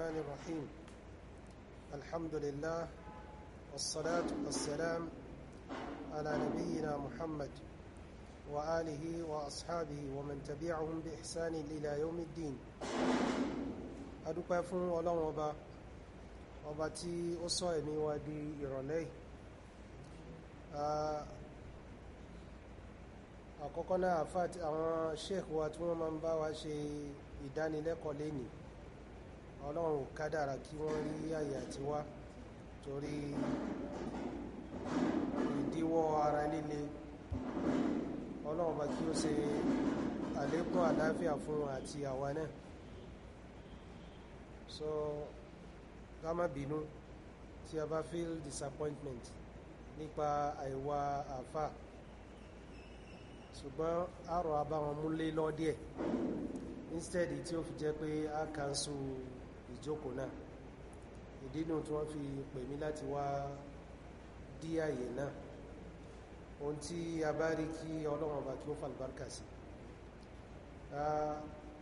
الرحمن الرحيم الحمد لله والصلاة والسلام على نبينا محمد وآله وأصحابه ومن تبعهم بإحسان إلى يوم الدين أدوكا فون ولن وبا وباتي أصائمي ودي إيراني àkọ́kọ́ náà àfáàtì àwọn sheikh wa tí wọ́n máa ń ọlọ́run kádàrà kí wọ́n rí àyè àti wá torí ìdíwọ́ ara líle ọlọ́run bá kí ó ṣe àlékún àláfíà fún àti àwa náà so ká má bínú tí a bá feel disappointment nípa àìwá àfà ṣùgbọ́n àrò abáwọn múlé lọ́díẹ̀ instead tí ó fi jẹ́ pé a cancel ìjókòó náà ìdínú tí wọ́n fi pè mí láti wá dí àyè náà ohun tí a bá rí kí ọlọ́run ọba kí ó fàlùbáríkà sí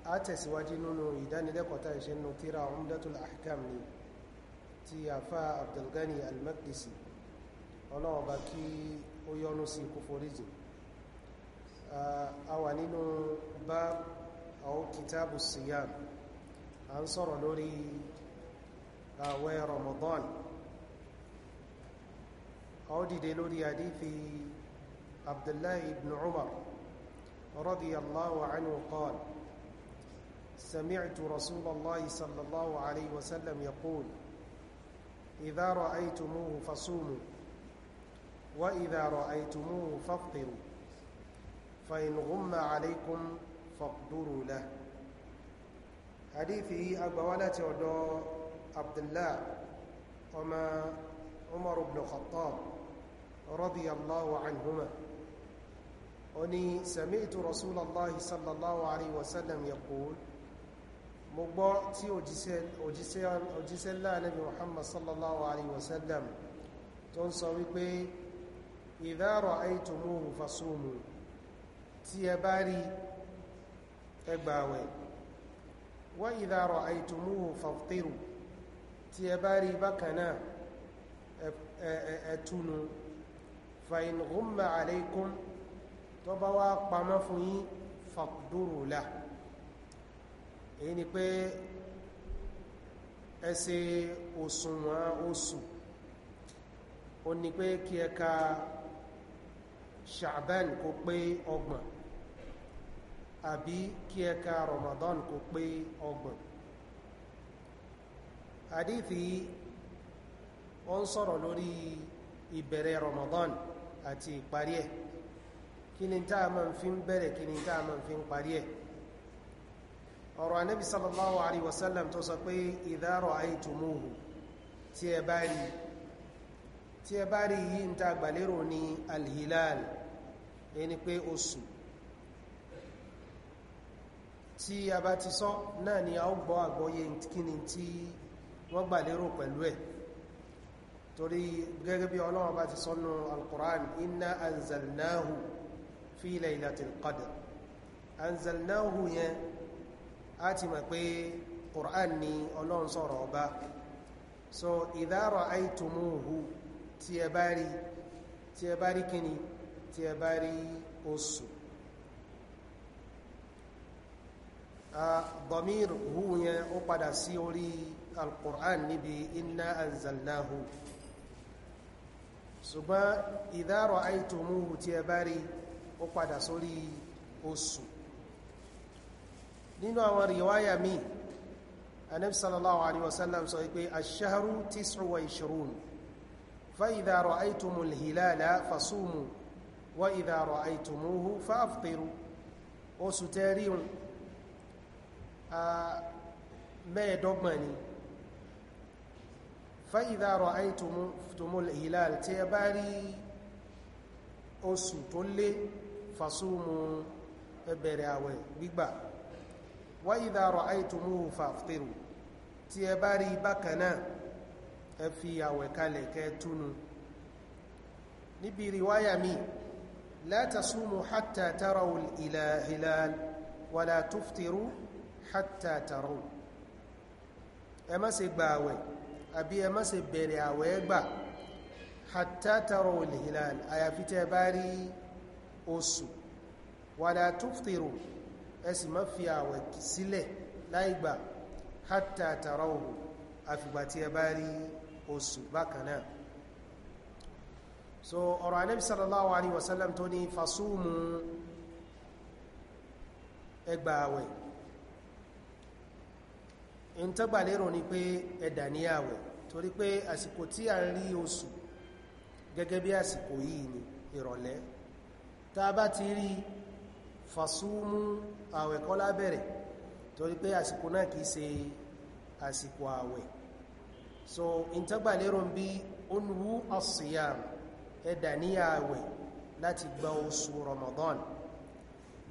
a tẹ̀síwájú nínú ìdánilẹ́kọ̀ọ́ tá ìṣe nínú tíra Umdatul Ahkam ni ti àfá Abdulgani Al-Maqdisi kí ó yọ́nú sí kó a wà nínú bá àwọn kìtàbù siyam انصر ń sọ̀rọ̀ lórí رمضان Ramadan دي لوري dìde عبد الله بن عمر رضي الله عنه قال سمعت رسول الله صلى الله عليه وسلم يقول إذا رأيتموه فصوموا وإذا رأيتموه فافطروا فإن غم عليكم فاقدروا له hadithi agbawala ti ọ̀dọ̀ abdullah ọmọ umar ibn khattab radiyallahu anhuma oni sami'tu rasulallahi sallallahu alaihi wasallam yaqul mo gbọ́ tí òjíṣẹ́ òjíṣẹ́ òjíṣẹ́ láàrin muhammad sallallahu alaihi wasallam tó ń sọ wípé idha ra'aytumuhu fasumu tí ẹ bá rí ẹgbàwẹ̀ wa idha ra'aytumuhu faftiru tí ẹ bá rí bákan náà ẹ̀tùnù fa tó bá wá pamọ́ fún yín faqduru èyí ni pé ẹsẹ̀ òsùnwọ̀n oṣù o ni pé kí ẹ ṣàbẹ́n kó pé ọgbọ̀n àbí kí ẹka Ramadan kò pé ọgbọ̀n àdífì ó ń sọ̀rọ̀ lórí ìbẹ̀rẹ̀ Ramadan àti ìparí ẹ̀ kí ni tá a máa fi ń bẹ̀rẹ̀ kí ni tá a máa fi ń parí ẹ̀ ọ̀rọ̀ anábi sallallahu alaihi wasallam tó sọ pé idha ra'aytumuhu tí ẹ bá rí tí ẹ bá rí yí ń ta gbàlérò ní alhilal ẹni pé oṣù tí a bá ti sọ náà ni a ó gbọ́ àgbọ́yé kíni tí wọ́n gbà lérò pẹ̀lú ẹ̀ torí gẹ́gẹ́ bí Ọlọ́run bá ti sọ nù al-Qur'an inna anzalnahu fi laylatil qadr yẹn a ti mọ̀ pé Qur'an ni Ọlọ́run sọ̀rọ̀ ọba so idha ra'aytumuhu tí ẹ bá rí tí ẹ bá rí kíni tí ẹ bá rí oṣù ضمير هو وقد سيوري القرآن نبي إنا أنزلناه ṣùgbọ́n إذا رأيتموه tí ẹ bá rí ó padà sórí oṣù nínú àwọn ríwáyà mi Ànábì sallallahu alaihi wasallam sọ pé ash-shahru tis'u wa ishrun fa idha ra'aytumul hilala fasumu wa idha ra'aytumuhu fa'aftiru oṣù tẹ́ríun mẹ́ẹ̀dọ́gbọ̀n ni fa'idha ra'aytumul hilal tí ẹ bá rí oṣù tó lé fasumu ẹbẹ̀rẹ̀ àwẹ̀ gbígbà wa idha ra'aytumuhu faftiru tí ẹ bá rí bákanáà ẹ fi àwẹ̀ kalẹ̀ kẹtúnu níbi riwaya mi la tasumu hatta tarawul ilal wala tuftiru hatta taraw ẹ má ṣe gba àwẹ̀ àbí ẹ má ṣe bẹ̀rẹ̀ àwẹ̀ gbà hatta taraw al-hilal àyàfi tẹ́ bá rí oṣù wala tuftiru ẹ sì má fi àwẹ̀ sílẹ̀ láìgbà hatta taraw àfìgbà tí ẹ bá rí oṣù bákanáà so ọ̀rọ̀ Ànábì sallallahu alaihi wasallam tó ní fasúmù ẹ àwẹ̀ in tó gbà lérò ni pé ẹ̀dà ní àwẹ̀ torí pé àsìkò tí a rí oṣù gẹ́gẹ́ bí àsìkò yìí ni ìrọ̀lẹ́ tá bá ti rí fasúmú àwẹ̀ kọ́ lábẹ̀rẹ̀ torí pé àsìkò náà kìí ṣe àsìkò àwẹ̀ so in tó gbà lérò bí onwu asiyam ẹ̀dà ní àwẹ̀ láti gba oṣù Ramadan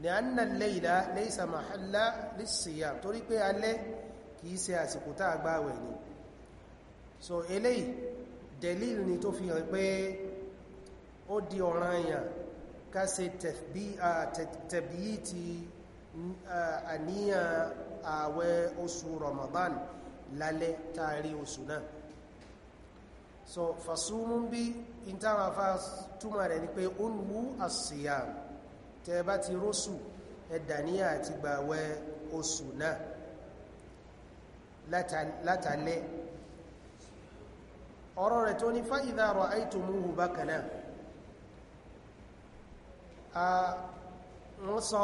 ni anna al-layla laysa mahalla lis torí pé alẹ́ kìí ṣe àsìkò tá a gbààwẹ̀ ni so eléyìí delil ni tó fi hàn pé ó di ọ̀ràn èèyàn ká ṣe tẹ̀bí ti àníyàn ààwẹ̀ oṣù Ramadan lálẹ́ tààrí oṣù náà so fasumu bí ìtàràfà túmọ̀ rẹ̀ ni pé ó ń wú àṣìyà tẹ́ bá ti rósù ẹ̀dàníyà àti gbààwẹ̀ oṣù náà látàlẹ́ ọ̀rọ̀ rẹ̀ tó ní fa'idha ra'aytumuhu bákanáà a wọ́n sọ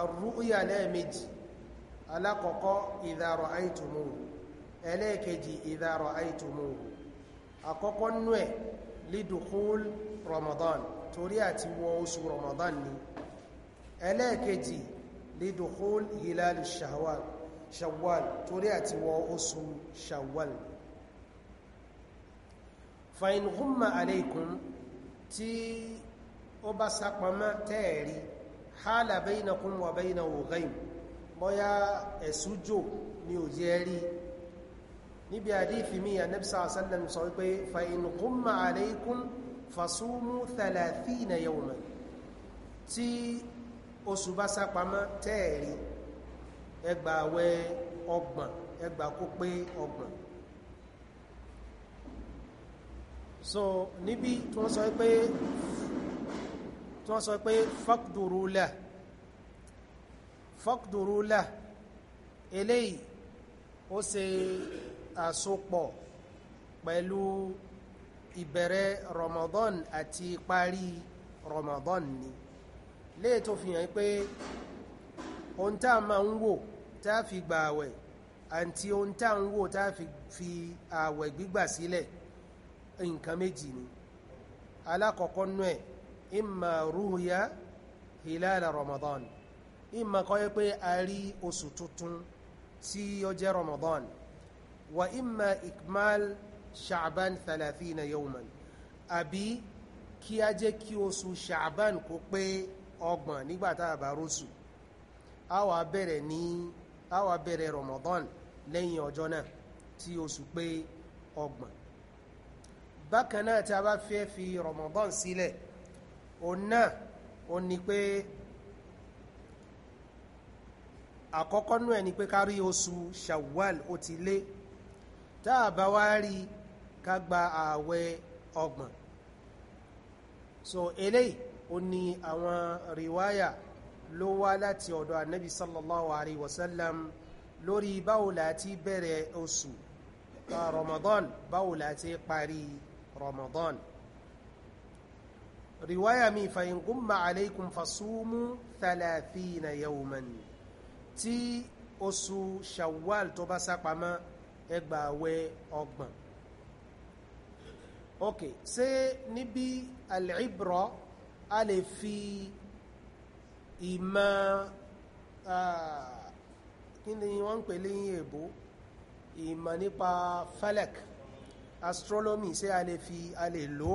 arru'ya lẹ́ẹ̀mejì alákọ̀ọ́kọ́ idha ra'aytumuhu ẹlẹ́ẹ̀kejì idha ra'aytumuhu àkọ́kọ́ nú ẹ̀ lidukul Ramadan torí àti wọ oṣù Ramadan ni ẹlẹ́ẹ̀kejì lidukul hilal shahwal shawwal torí àti wọ oṣù shawwal fa'in humma aleikum tí ó bá sápamọ́ tẹ́ẹ̀rí hálà bainakum wa bainahu ghaym bọ́yá ẹ̀sújò ni ò jẹ́ rí níbi àdífì mí ànẹ́bísà sallam sọ tí oṣù bá sápamọ́ tẹ́ẹ̀rí ẹgbà àwẹ̀ ọgbọ̀n ẹgbà kó pé ọgbọ̀n so níbi tí wọ́n sọ pé tí wọ́n sọ pé faqdurula faqdurula eléyìí ó ṣe àsopọ̀ pẹ̀lú ìbẹ̀rẹ̀ Ramadan àti parí Ramadan ni léè tó fi hàn pé ohun tá a máa ń wò tá fi gba àwẹ̀ àti ohun tá ń wò tá fi fi àwẹ̀ gbígbà sílẹ̀ nǹkan méjì ni alákọ̀ọ́kọ́ nú ẹ̀ imma ruhya hilala Ramadan imma kọ́ yẹ pé a rí oṣù tuntun tí ó jẹ́ Ramadan wa imma ikmal sha'ban 30 yawman àbí kí a jẹ́ kí oṣù sha'ban kó pé ọgbọ̀n nígbàtà àbárosù a wà bẹ̀rẹ̀ ní a wá bẹ̀rẹ̀ Ramadan lẹ́yìn ọjọ́ náà tí oṣù pé ọgbọ̀n bákan náà tí a bá fẹ́ fi Ramadan sílẹ̀ òun náà òun ni pé àkọ́kọ́ nú ẹ̀ pé ká rí oṣù Shawwal ó ti lé tá wá rí ká gba ààwẹ̀ ọgbọ̀n so eléyìí ó ní àwọn rìwáyà ló wá láti ọ̀dọ̀ ànábì sallallahu alayhi wa sallam lórí báwo láti bẹ̀rẹ̀ oṣù ramadan báwo láti parí ramadan riwaya mi fàyín gúnmà alaykum fasúmú thalathina yawman tí oṣù shawwal tó bá sápamọ́ ẹgbàwẹ̀ ọgbọ̀n ok ṣé níbi al a lè fi ìmọ̀ kí ni wọ́n ń pè ní èbó ìmọ̀ nípa falak astronomy ṣé a lè fi a lè lò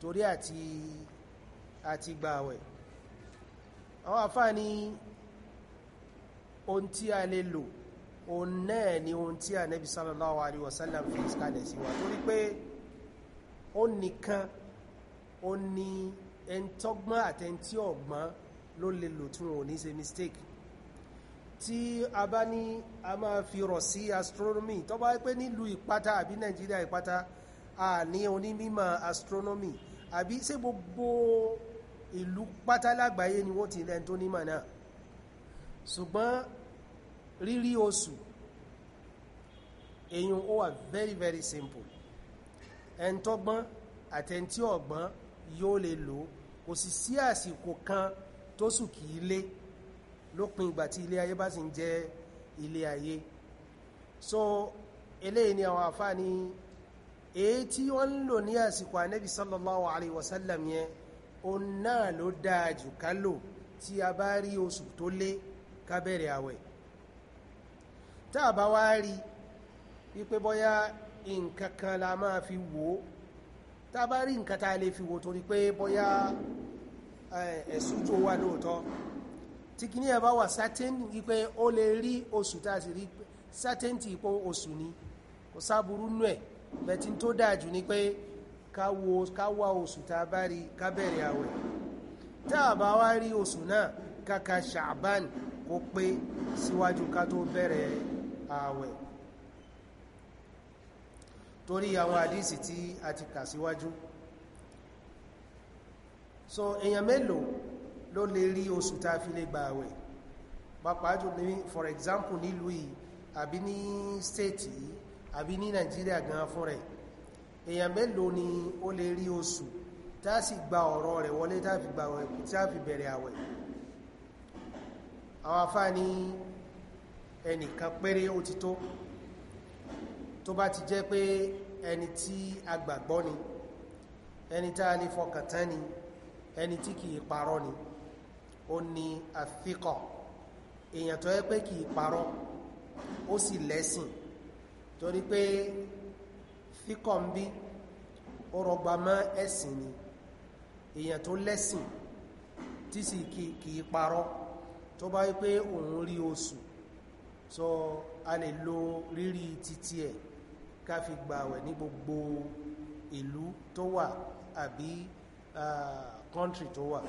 torí àti àti gbàwẹ̀ àwọn àfáà ní ohun tí a lè lò òun náà ni ohun tí Ànábì sallallahu alaihi wasallam fi ìsìkàlẹ̀ sí wa torí pé ó nìkan ó ní ẹntọ́gbọ́n àtẹntí ọ̀gbọ́n ló lè lò tí ò ní ṣe mistake tí a bá ní a máa fi rọ̀ sí astronomy tó bá pé nílùú ìpátá àbí Nàìjíríà ìpátá a ní onímímọ̀ astronomy àbí ṣé gbogbo ìlú pátá lágbàáyé ni wọ́n ti lẹ́ni tó nímọ̀ náà ṣùgbọ́n rírí oṣù èyàn ó wà very very simple ẹn tọ́gbọ́n àtẹ̀ntí ọ̀gbọ́n yóò lè lò kò sì sí àsìkò kan tó sù kì í lé lópin ìgbà tí ilé ayé bá sì ń jẹ ilé ayé so eléyìí ni àwọn àfáà ní èyí tí wọ́n ń lò ní àsìkò ànẹ́bì sallallahu alaihi wasallam yẹn o náà ló dáa jù ká lò tí a bá rí oṣù tó lé ká àwẹ̀ tá a bá wá rí wípé bóyá nǹkan kan la máa fi wò tá a bá rí nǹkan tá a lè fi wò torí pé bóyá Eh, ẹ̀sùn tó wà lóòótọ́ tí kí ní ẹ bá wà certain wípé ó lè rí oṣù tá a sì rí certain ipò oṣù ni kò sáburú nú ẹ̀ bẹ̀tí tó dáa jù ni pé ká wá oṣù tá a bá rí ká bẹ̀rẹ̀ àwẹ̀ tá a bá wá rí oṣù náà kàkà ṣàbán kó pé síwájú ká tó bẹ̀rẹ̀ àwẹ̀ torí àwọn àdísì tí a ti kà síwájú si so èyàn mélòó ló lè rí oṣù tá a fi lè gba àwẹ̀ pàápàá ní for example nílùú yìí àbí ní state yìí àbí ní Nàìjíríà gan fún rẹ̀ èyàn mélòó ni ó lè rí oṣù tá a sì gba ọ̀rọ̀ rẹ̀ wọlé tá a fi gba àwẹ̀ tá a fi bẹ̀rẹ̀ àwẹ̀ àwọn afá ní ẹnìkan péré ó ti tó tó bá ti jẹ́ pé ẹni tí a ni ẹni tá a lè ni ẹni tí kìí parọ́ ni ó ní àfikọ̀ èèyàn tó yẹ pé kìí parọ́ ó sì lẹ́sìn torí pé fíkọ̀ ń bí ó rọgba mọ́ ẹ̀sìn ni èèyàn tó lẹ́sìn tí sì kìí parọ́ tó bá wípé òun rí oṣù so a lè lo rírí títí ẹ̀ ká fi gbààwẹ̀ ní gbogbo ìlú tó wà àbí country tó wà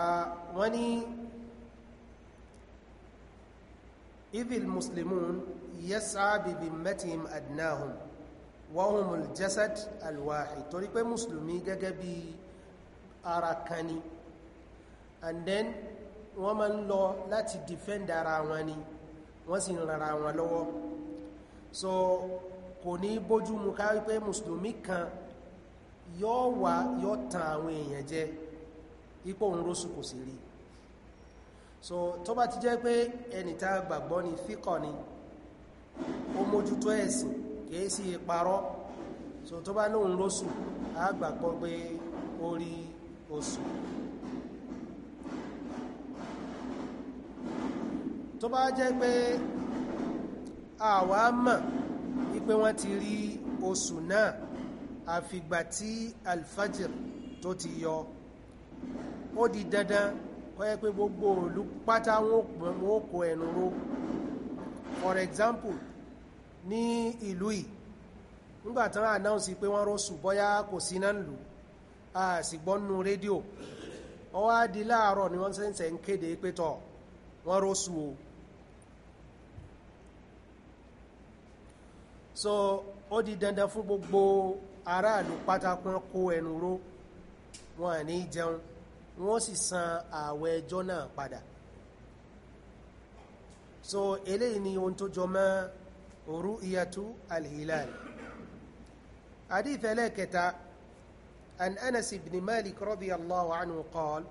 ah, wọ́n ní idil muslimun yẹ́sà bíbí mẹ́tìm adnáhùn wọ́n mú jẹ́sẹ̀d alwáhì torí pé musulmi gẹ́gẹ́ bí ara kan and then wọ́n ma ń lọ láti defend ara wọn ni wọ́n sì rara wọn lọ́wọ́ so kò ní bójú mú ká wípé musulmi kan yóò wá yóò tan àwọn èèyàn jẹ ipò òun kò sí rí so tó bá ti jẹ́ pé ẹni tá gbàgbọ́ ni fíkọ̀ ni ó mójútó ẹ̀sìn kìí sí parọ́ so tó bá lóun rósù á gbàgbọ́ pé ó rí oṣù tó bá jẹ́ pé àwa mọ̀ wípé wọ́n ti rí oṣù náà àfìgbà tí alfajir tó ti yọ ó di dandan kó yẹ pé gbogbo òlú pátá wọn ó kó ẹnu ró for example ní ìlú yìí nígbà tán announce pé wọ́n rọ́sù bọ́yá kò sí náà lù a sì gbọ́nù rédíò wọ́n wá di láàárọ̀ ni wọ́n sẹ́nsẹ̀ ń kéde pé tọ̀ wọ́n rọ́sù o so ó di dandan fún gbogbo aráàlú pátákún kó ẹnu ró wọn ní jẹun wọn sì san ààwẹ̀ ẹjọ́ náà padà so eléyìí ni ohun tó jọ mọ́ òru iyatu alhilal adífẹ́lẹ́ kẹta an anas ibn malik radiyallahu anhu qala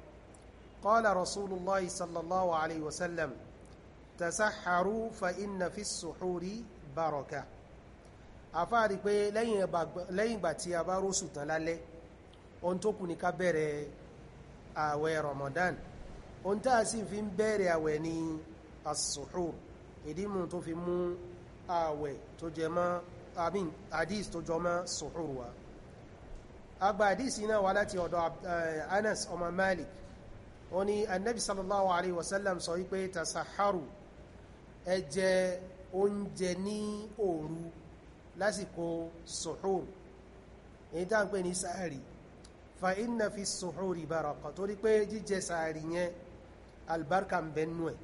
قال رسول الله صلى الله عليه وسلم تسحروا فإن في السحور بركة àfáàrí pé lẹ́yìn ìgbà tí a bá rósù tán lálẹ́ ohun tó kù ní ká bẹ̀rẹ̀ ààwẹ̀ Ramadan ohun tá a sì fi ń bẹ̀rẹ̀ ààwẹ̀ ní as-suhur ìdímù tó fi mú ààwẹ̀ tó jẹ mọ́ àmín hadith tó jọ mọ́ suhur wa agba hadith iná wá láti ọ̀dọ̀ eh, Anas ọmọ Malik ó ní annabi sallallahu alaihi wasallam sọ wípé tasaharu ẹ jẹ oúnjẹ ní òru lásìkò suhur èyí tá ń pè ní sáàrì fa inna fi suhuri baraka torí pé jíjẹ sáàrì yẹn albarka ń bẹ nú ẹ̀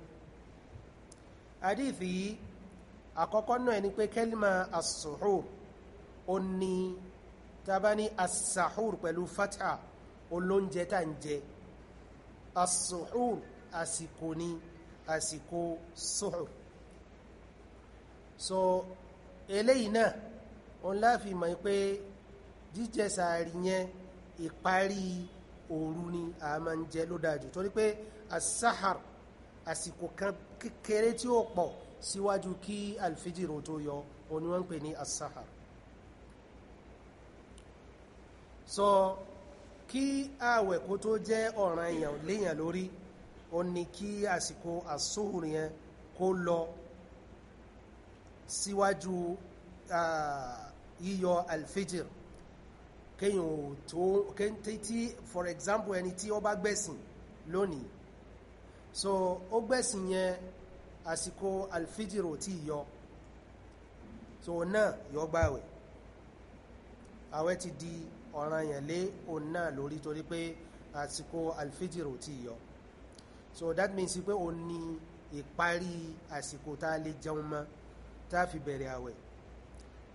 àdífì yìí àkọ́kọ́ náà ni pé kẹ́lìmà as-suhur ní tàbá ní as pẹ̀lú fatha olóúnjẹ tà ń jẹ as àsìkò ni àsìkò suhur so eléyìí náà òun láfi mọ̀ pé jíjẹ sàárì yẹn ìparí òru ni a máa ń jẹ ló dájú torí pé asahar àsìkò kan kékeré tí ó pọ̀ síwájú kí alfijiro tó yọ òun ni wọ́n pè ní asahar so kí ààwẹ̀ kó tó jẹ́ ọ̀ranyàn léyàn lórí ó ní kí àsìkò àsóhùn yẹn kó lọ síwájú yíyọ alfijir kéyàn ò tó tí for example ẹni tí ó bá gbẹ̀sìn lónìí so ó gbẹ̀sìn yẹn àsìkò alfijir ò tí yọ so náà yọ gbàwẹ̀ àwẹ̀ ti di ọ̀ràn yẹn lé òun náà lórí torí pé àsìkò alfijir ò tí yọ so that means pé òun ni ìparí àsìkò tá a lè jẹun mọ́ tá a fi bẹ̀rẹ̀ àwẹ̀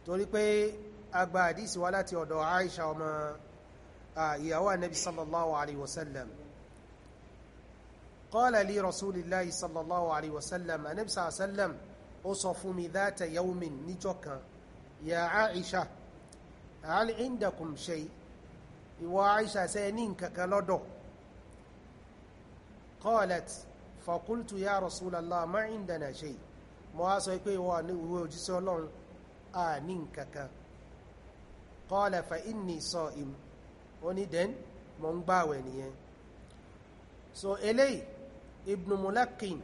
torí pé agba àdísì wá láti ọ̀dọ̀ Aisha ọmọ ìyàwó anabi sallallahu alayhi wa sallam qala li rasulillahi sallallahu alayhi wa sallam anabi sallallahu alayhi wa sallam ó sọ fún mi dhata yawmin níjọ́ kan ya Aisha hal indakum ìwọ Aisha sẹ́ ní nkankan lọ́dọ̀ qalat فقلت يا رسول الله ما عندنا شيء mo wá sọ pé ìwọ ní ìwé òjíṣẹ́ ọlọ́run a ní nkankan qala fa inni sa'im ó ní dẹ́n mo ń gbààwẹ̀ nìyẹn so eléyìí ibn mulakin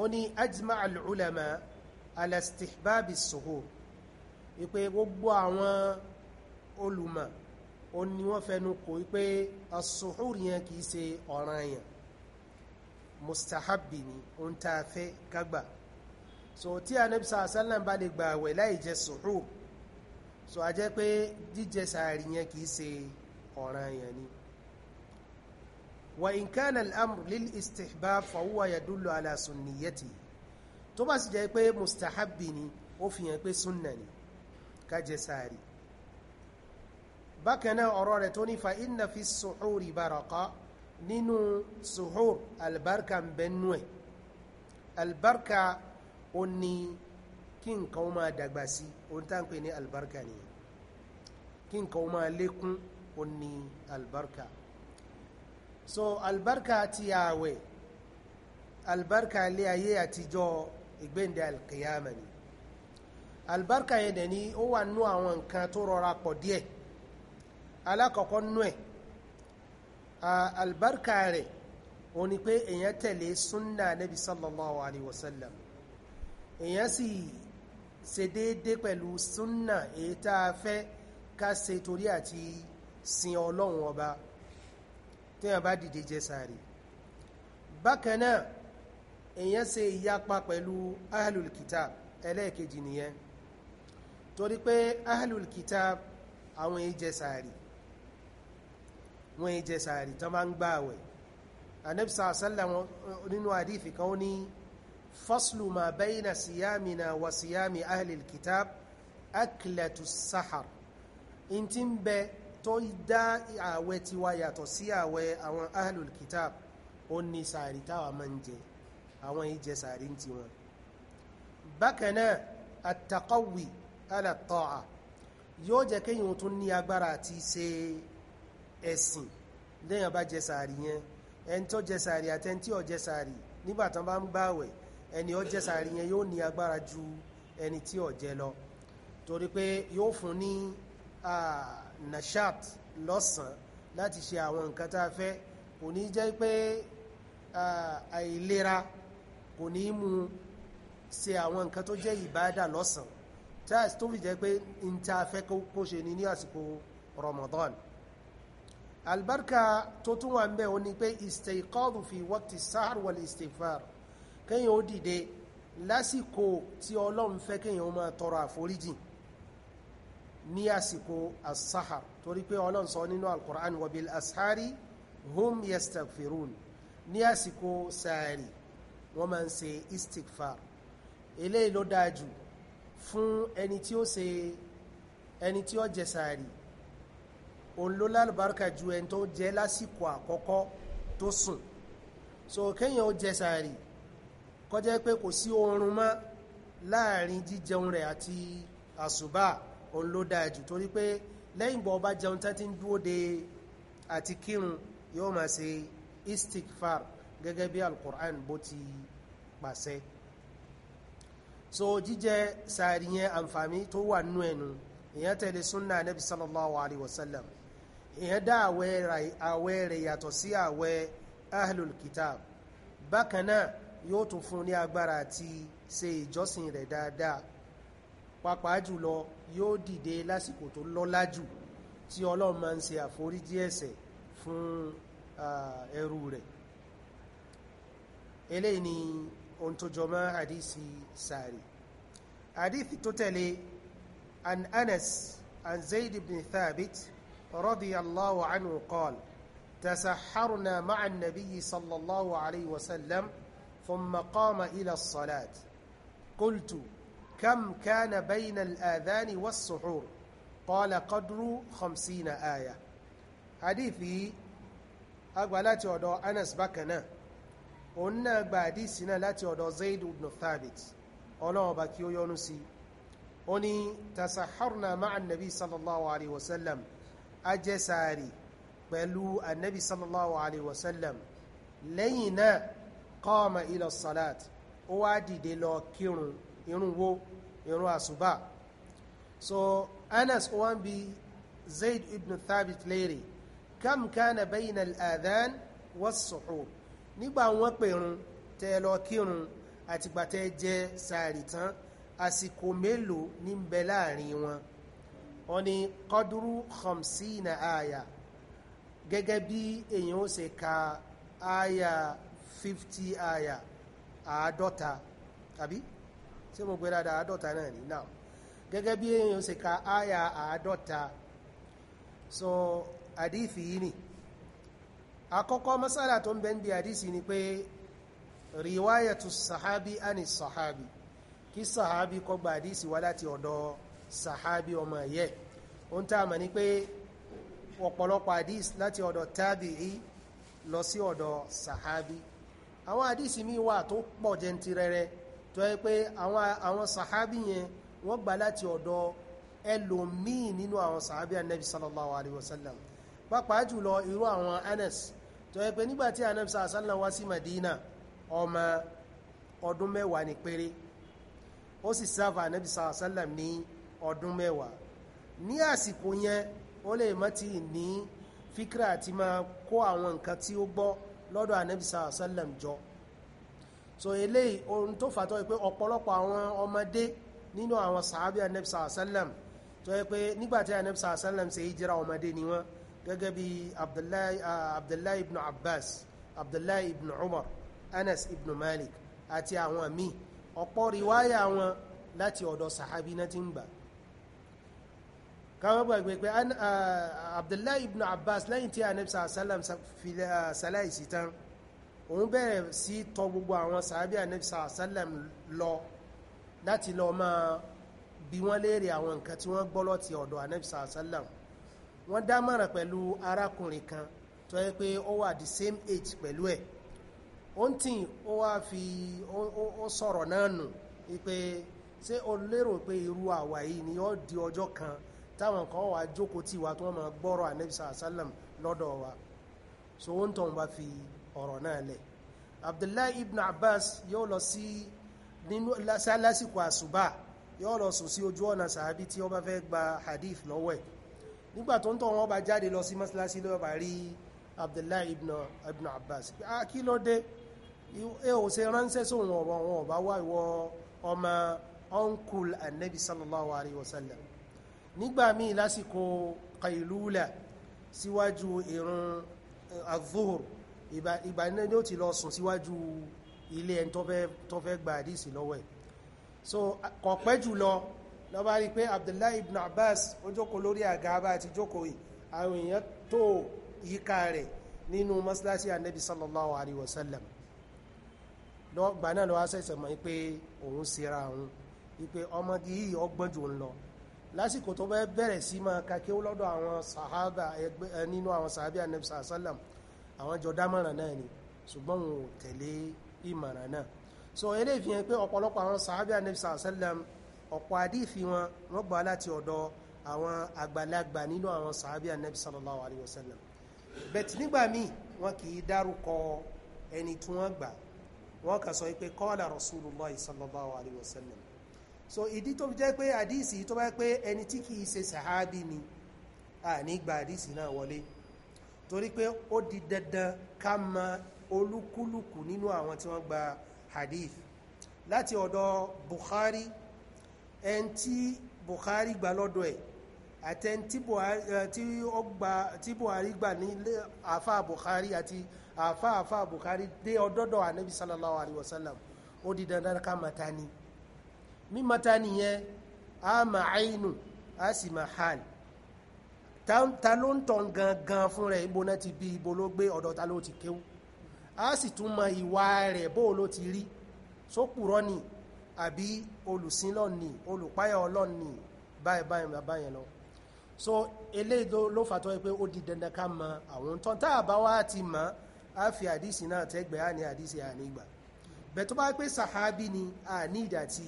ó ní ajma al-ulama ala istihbab as-suhur wípé gbogbo àwọn olùmọ̀ ó ní wọ́n fẹnu kò wípé as-suhur yẹn kìí ṣe ọ̀ranyàn ni ó fẹ́ kágbà so tí anabi sàá sálàm bá lè gbà àwẹ̀ láì jẹ sùúrù so a jẹ́ pé jíjẹ sàárì yẹn kìí ṣe ọ̀ràn yẹn ni wa in kana al-amr lil istihbab fa huwa yadullu ala sunniyati tó bá sì jẹ́ pé mustahabbi ni ó fi hàn pé sunna ni ká jẹ sàárì bákanáà ọ̀rọ̀ rẹ̀ tó ní fa fi suhuri baraka nínú suhur albarka ń ẹ̀ albarka ó ní kí nǹkan ó máa dàgbà sí ohun tá ń pè ní albarka ni kí nǹkan ó máa lékún ó ní albarka so albarka ti ààwẹ̀ albarka ilé ayé àtijọ́ ìgbéǹde alkiyama ni albarka yẹn dẹ̀ ni ó wà nú àwọn nǹkan tó rọra pọ̀ díẹ̀ alákọ̀ọ́kọ́ nú ẹ̀ albarka rẹ̀ ó pé èèyàn tẹ̀lé sunna nabi sallallahu alaihi wasallam èyàn sì ṣe déédé pẹ̀lú súnnà èyí tá a fẹ́ ká ṣe torí àti sin ọlọ́run ọba tí wọ́n bá dìde jẹ sàárì bákan náà èyàn ṣe ìyapa pẹ̀lú ahlul kitab ẹlẹ́ẹ̀kejì nìyẹn torí pé ahlul kitab àwọn èyí jẹ sàárì wọn èyí jẹ sàárì tán máa ń gbààwẹ̀ anẹ́bísà sálà nínú àdífì kan ó ní فصل ما بين صيامنا وصيام أهل الكتاب أكلة السحر انتبه ب تويدا عاوتي وياتو سياوي أو أهل الكتاب أني سارتا ومنجي أو يجي و. بكنا التقوي على الطاعة يوجد كي يوتني أبراتي سي ẹ̀sìn lẹ́yìn bá جساري sàárì yẹn ẹni tó jẹ sàárì àtẹni tí ò jẹ sàárì ẹni ó jẹ sàárì yẹn yóò ní agbára ju ẹni tí ó lọ torí pé yóò fún ní nashat lọ́sàn láti ṣe àwọn nǹkan tá a fẹ́ kò ní jẹ́ pé àìlera kò ní mú ṣe àwọn nǹkan tó jẹ́ ìbádà lọ́sàn charles tó fi jẹ́ pé n ta fẹ́ kó ṣe ní ní àsìkò Ramadan albarka tó tún wà ń bẹ ó ní pé istiqadu fi waqti sahar wal istighfar kéèyàn ó dìde lásìkò tí ọlọ́run fẹ́ kéèyàn ó máa tọrọ àforíjì ní àsìkò asahar torí pé ọlọ́run sọ nínú alkùnrán wabil ashari hum yastaghfirun ní àsìkò sàárì wọ́n máa ń ṣe istighfar eléyìí ló dáa jù fún ẹni tí ó ṣe ẹni tí ó jẹ sàárì òun ló lálùbáríkà ju ẹni tó jẹ lásìkò àkọ́kọ́ tó sùn so kéèyàn ó jẹ sàárì kọjá pé kò sí oorun mọ́ láàrin jíjẹun rẹ̀ àti àsùbá òun ló dáa jù torí pé lẹ́yìn bọ̀ ọba jẹun tán ń dúó de àti kírun yóò máa ṣe istikfar gẹ́gẹ́ bí alkùrán bó ti pàṣẹ so jíjẹ sàárì yẹn àǹfààní tó wà nínú ẹnu èyàn tẹ̀lé súnnà nẹ́bí sallallahu alaihi wasallam èyàn dá àwẹ̀ rẹ̀ yàtọ̀ sí àwẹ̀ ahlul kitab bákan yóò tún fún ní agbára àti ṣe ìjọsìn rẹ̀ dáadáa pàápàá jùlọ yóò dìde lásìkò tó lọ́lá jù tí ọlọ́run máa ń ṣe àforíjì ẹ̀ṣẹ̀ fún ẹrú rẹ̀ eléyìí ni ohun tó jọmọ́ àdísì sàárì àdísì tó tẹ̀lé an anas an zaid ibn thabit radiyallahu anhu qala تسحرنا مع النبي صلى الله عليه وسلم ثم قام إلى الصلاة قلت كم كان بين الآذان والسحور قال قدر خمسين آية حديثي أقوى لاتي أدو أنس بكنا أنا أقوى حديثنا لاتي أدو زيد بن ثابت أنا بكيو يونسي أني تسحرنا مع النبي صلى الله عليه وسلم أجساري pẹ̀lú النبي صلى الله عليه وسلم لينا qama ila salat ó wá dìde lọ kírun irun wo irun àsùbà so anas ó wá ń bi zaid ibn thabit léèrè kam kana bayna al-adhan was-suhur nígbà wọ́n pèrun tẹ́ lọ kírun àtìgbà tẹ́ jẹ sàárì tán àsìkò mélòó ní ń bẹ láàrin wọn wọ́n ní kọdúrú khamsina àyà gẹ́gẹ́ bí èyàn ó ṣe ka àyà fifty aya àádọ́ta àbí ṣé mo gbé dáadáa àádọ́ta náà ni now gẹ́gẹ́ bí èèyàn ṣe ka aya àádọ́ta so àdífì yìí ni àkọ́kọ́ masala tó ń bẹ níbi àdísì ni pé riwayatu sahabi ani sahabi kí sahabi kó gba àdísì wá láti ọ̀dọ̀ sahabi ọmọ ẹ̀yẹ́ ohun tá a mọ̀ ni pé ọ̀pọ̀lọpọ̀ àdísì láti ọ̀dọ̀ tábìí lọ sí ọ̀dọ̀ sahabi àwọn àdísì mi wà tó pọ̀ jẹntirẹrẹ tó yẹ pé àwọn sàhábì yẹn wọ́n gbà láti ọ̀dọ̀ ẹlòmíì nínú àwọn sàhábì anabi sallallahu alayhi wa sallam pàápàá jùlọ irú àwọn anas tó yẹ pé nígbà tí anabi sallallahu alayhi wa sallam wá sí madina ọmọ ọdún mẹ́wàá ní péré ó sì sáfà anabi sallallahu ní ọdún mẹ́wàá ní àsìkò yẹn ó lè má ti ní fíkra àti máa kó àwọn nǹkan tí ó gbọ́ lọ́dọ̀ ànábì sàásẹ́lẹ̀m jọ so eléyìí ohun tó fàtọ́ pé ọ̀pọ̀lọpọ̀ àwọn ọmọdé nínú àwọn sàábì ànábì sàásẹ́lẹ̀m tó yẹ pé nígbàtí ànábì sàásẹ́lẹ̀m ṣe hijira ọmọdé ni wọ́n gẹ́gẹ́ bí abdullahi ibn abbas abdullahi ibn umar anas ibn malik àti àwọn míì ọ̀pọ̀ riwaya wọn láti ọ̀dọ̀ sàábì náà káwọn gbàgbé pé ah, abdullahi ibn abbas lẹ́yìn tí anabi sallam ṣaláìsí ah, tán òun bẹ̀rẹ̀ sí tọ gbogbo àwọn sàábí anabi sallam lọ láti lọ máa bi wọ́n léèrè àwọn nǹkan tí wọ́n gbọ́lọ́ ti ọ̀dọ̀ anabi sallam wọ́n dámọ̀ràn pẹ̀lú arákùnrin kan tó yẹ pé ó wà the same age pẹ̀lú ẹ̀ ó ń tìǹ ó wá fi ó sọ̀rọ̀ náà nù pé ṣé o lérò pé irú àwa yìí ni ó di ọjọ́ kan táwọn kan wà jókòó tí wa tí wọ́n máa gbọ́rọ̀ ànábì sàásálàm lọ́dọ̀ wa so wọ́n tọ̀ bá fi ọ̀rọ̀ náà lẹ̀ abdullahi ibn abbas yóò lọ sí nínú lásìkò àṣùbà yóò lọ sùn sí ojú ọ̀nà sàábí tí ó bá fẹ́ gba hadith lọ́wọ́ ẹ̀ nígbà tó ń tọ̀ wọ́n bá jáde lọ sí mọ́sálásí ló bá rí abdullahi ibn, ibn abbas ah, kí ló dé ẹ ò ṣe ránṣẹ́ sóhun ọ̀rọ̀ wọn ọ̀bá wà ìwọ ọmọ uncle annabi sallallahu alaihi wasallam nígbà míì lásìkò kailula síwájú ìrun eh, azuhur ìgbà náà ni ó ti lọ sùn síwájú ilé ẹni tó fẹ́ gba àdísì lọ́wọ́ ẹ̀ so kọ̀ pẹ́ jùlọ lọ́bá rí pé Abdullahi ibn Abbas ó jókòó lórí àga bá ti jókòó àwọn èèyàn tó yíká rẹ̀ nínú mọ́sálásí ànábì sallallahu alaihi wasallam lọ́gbà náà lọ́wọ́ sẹ́sẹ̀ mọ́ pé òun síra òun wípé ọmọdé yìí ọgbọ́n jù ń lọ lásìkò tó bẹ́ bẹ̀rẹ̀ sí máa kakẹ́ lọ́dọ̀ àwọn sàhábà ẹgbẹ́ nínú àwọn sàhábà anabi sàásálàm àwọn jọ dámọ̀ràn náà ni ṣùgbọ́n wọn ò tẹ̀lé ìmọ̀ràn náà so eléyìí fi hàn pé ọ̀pọ̀lọpọ̀ àwọn sàhábà anabi sàásálàm ọ̀pọ̀ àdífi wọn wọ́n gbà láti ọ̀dọ̀ àwọn àgbàlagbà nínú àwọn sàhábà anabi sallallahu alayhi wa sallam bẹ̀t nígbà míì wọn kì í dárúkọ ẹni tí wọ́n gbà wọ́n kà sọ pé kọ́ọ̀lá rasulullah sallallahu alayhi wa sallam so ìdí tó jẹ́ pé àdíìsì tó bá pé ẹni tí kìí ṣe sàhábì ni a ní gba àdíìsì náà wọlé torí pé ó di dandan ká mọ olúkúlùkù nínú àwọn tí wọ́n gba hadith láti ọ̀dọ̀ Bukhari ẹni tí Bukhari gba lọ́dọ̀ ẹ̀ àtẹni tí Buhari gba ní àfáà Bukhari àti àfáà àfáà Bukhari dé ọdọ́dọ̀ ànábi sallallahu alaihi wasallam ó di dandan ká mọ ta ni mímọ́ta nìyẹn a ma àínú a sì ma hàn ta ló ń tàn gangan fún rẹ̀ ibo náà ti bí ibo ló gbé ọ̀dọ̀ ta ló ti kéwú a sì tún mọ ìwà rẹ̀ bó ló ti rí sópùrọ́ ni àbí olùsínlọ́ ni olùpáyà ọlọ́ ni báyìí báyìí báyìí lọ so eléyìí ló fàtọ́ pé ó di dandan ká mọ àwọn tán tá a bá wá ti mọ̀ á fi àdìsí náà tẹ́gbẹ̀ẹ́ á ní àdìsí ànígbà bẹ̀ tó bá pé sàhábì ni àníìdà ti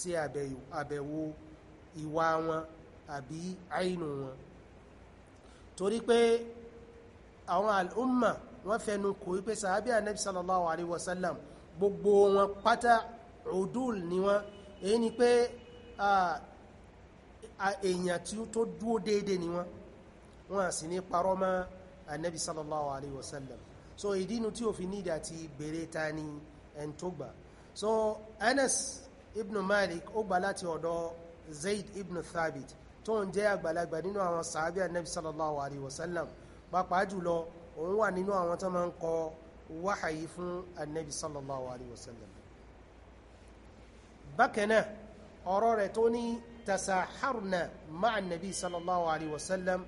ṣe àbẹ̀wò ìwà wọn àbí àìnù wọn torí pé àwọn al'umma wọ́n fẹnu kò wípé sàábí ànábì sallallahu alaihi wasallam gbogbo wọn pátá udul ni wọn èyí ni pé èèyàn tí tó dúó déédé ni wọn wọn sì ní parọ́ mọ́ ànábì sallallahu alaihi wasallam so ìdínú tí ò fi nídà ti bèrè ta ni ẹn tó gbà so Anas ibn malik ó gbà láti ọ̀dọ̀ zaid ibn thabit tó ń jẹ́ àgbàlagbà nínú àwọn sàábí anabi sallallahu alayhi wa sallam pàápàá jùlọ òun wà nínú àwọn tó máa ń kọ wáhàyí fún anabi sallallahu alayhi wa sallam bákanáà ọ̀rọ̀ rẹ̀ tó ní tasaharna ma'a nabi sallallahu alayhi wa sallam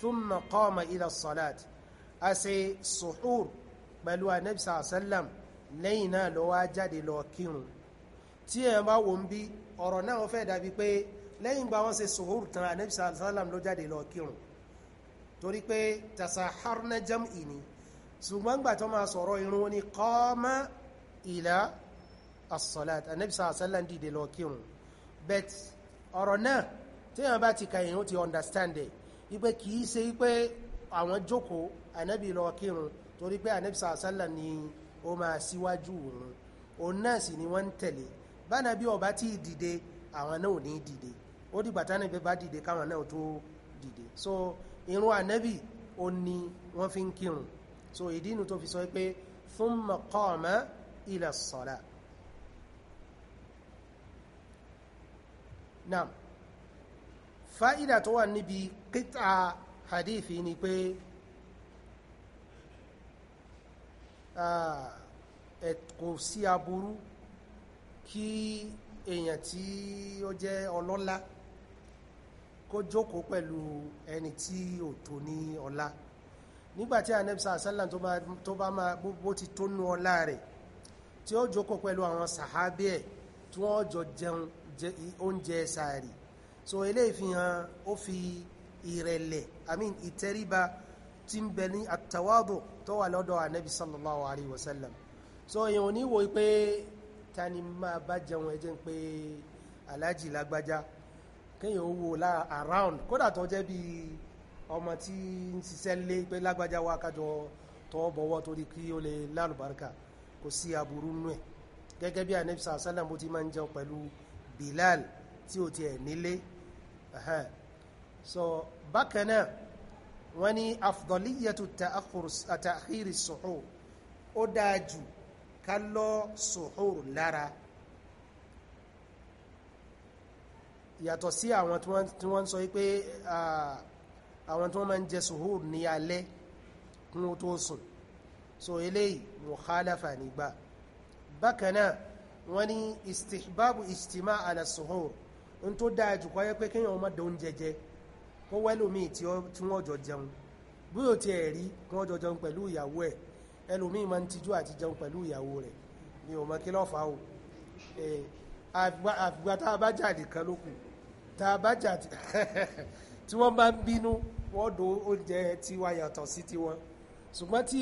thumma qama ila salat a ṣe suhur pẹ̀lú anabi sallallahu alayhi wa sallam lẹ́yìn náà lọ wá jáde lọ kírun tí ẹ̀ bá wò ń bí ọ̀rọ̀ náà wọ́n fẹ́ dàbí pé lẹ́yìn bá wọ́n ṣe suhur tán anabi sallam ló jáde lọ kírun torí pé tasaharna jam'i ni ṣùgbọ́n gbà tó máa sọ̀rọ̀ irun ni qama ila as-salat anabi dìde lọ kírun bet náà sì ni wọ́n tẹ̀lé bánabi ọba tí dìde àwọn náà ò ní dìde ó dìgbà tánabi bá dìde káwọn náà tó dìde so irun ànábì ó ní wọ́n fi ń kírun so ìdí inú tó fi sọ pé thumma qama ila as-salat naam fáìdà tó wà níbi kíta hadithi ni pé ah, kò sí aburú kí èèyàn tí ó jẹ́ ọlọ́lá kó jókòó pẹ̀lú ẹni tí ò tó ní ọlá nígbàtí anẹ́bísà àṣálàm tó bá máa bó ti tó nú ọlá rẹ̀ tí ó jókòó pẹ̀lú àwọn sàhábí ẹ̀ tí wọ́n jọ jẹun oúnjẹ sàárì so eléyìí fi hàn ó fi ìrẹ̀lẹ̀ i mean ìtẹríba tí ń bẹ ní àtàwádò tó wà lọ́dọ̀ anẹ́bí sallallahu alayhi wa so èèyàn ò pé ta ni máa bá jẹun ẹjẹ́ ń pé aláàjì lágbájá kéèyàn ó wo láà around kódà tó jẹ́ bí ọmọ tí ń ṣiṣẹ́ lé pé lágbájá wá kájọ tọ́ bọ̀wọ́ torí kí ó lè lálùbáríkà kò sí aburú nú ẹ̀ gẹ́gẹ́ bí anabisa salam bó ti máa ń jẹun pẹ̀lú Bilal tí ó tiẹ̀ nílé so bákan náà wọ́n ní afdọ́líyàtú ta'khir as ó dáa jù ká lọ sùhúrù lára yàtọ̀ sí àwọn tí wọ́n sọ pé àwọn tí wọ́n máa ń jẹ sùhúrù ní alẹ́ kún ó tó sùn so eléyìí mukhalafa nígbà bákan náà wọ́n ní istihbabu istima ala sùhúrù n tó dáa jù kó yẹ pé kéèyàn ọmọ dòun jẹjẹ kó wẹ́lòmíì tí wọ́n jọ jẹun bí ó ti ẹ̀rí kí wọ́n jọ jẹun pẹ̀lú ìyàwó ẹ̀ ẹlòmíì máa ń tijú àti jẹun pẹ̀lú ìyàwó rẹ̀ ni ò mọ kí lọ́fà o àfìgbà tá a bá jáde kan ló kù tá a bá jáde tí wọ́n bá ń bínú wọ́n do oúnjẹ tiwa yàtọ̀ sí tiwọn ṣùgbọ́n tí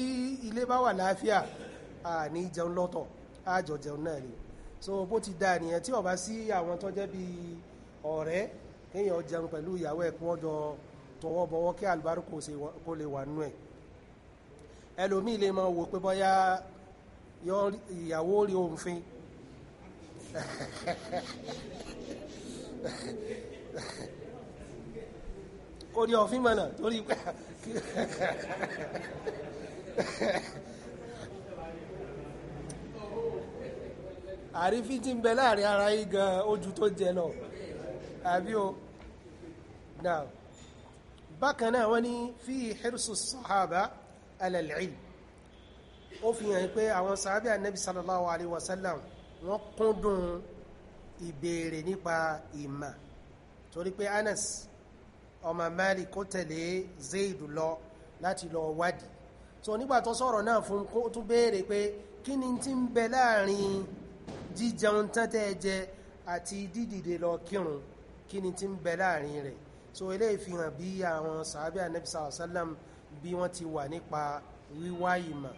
ilé bá wà láàfíà a ní jẹun lọ́tọ̀ a jọ jẹun náà ni so bó ti da nìyẹn tí ó bá sí àwọn tó jẹ́ bíi ọ̀rẹ́ kéèyàn jẹun pẹ̀lú ìyàwó ẹ̀ kí wọ́n jọ kí àlùbáríkò kó lè wà nú ẹ̀ ẹlòmíì lè máa wò pé bọ́yá ìyàwó rí òǹfin ó rí ọ̀fin mọ̀nà torí pé àrífín tí ń bẹ láàrin ara yìí gan ojú tó jẹ lọ àbí o náà bákan náà wọ́n ní fi hirsu sahaba alẹ́lẹ́lẹ́ ó fi hàn pé àwọn sàábì anabi sallallahu alayhi wa sallam wọ́n kúndùn ìbéèrè nípa ìmà torí pé anas ọmọ malik kó tẹ̀lé zaid lọ láti lọ wádìí so nígbà tó sọ̀rọ̀ náà fún kó tún béèrè pé kí ni ti ń bẹ láàrin jíjẹun tẹ́tẹ́ jẹ àti dídìde lọ kírun kí ni ti ń bẹ láàrin rẹ̀ so eléyìí fi hàn bí àwọn sàábì anabi sallallahu bí wọ́n ti wà nípa wíwá ìmọ̀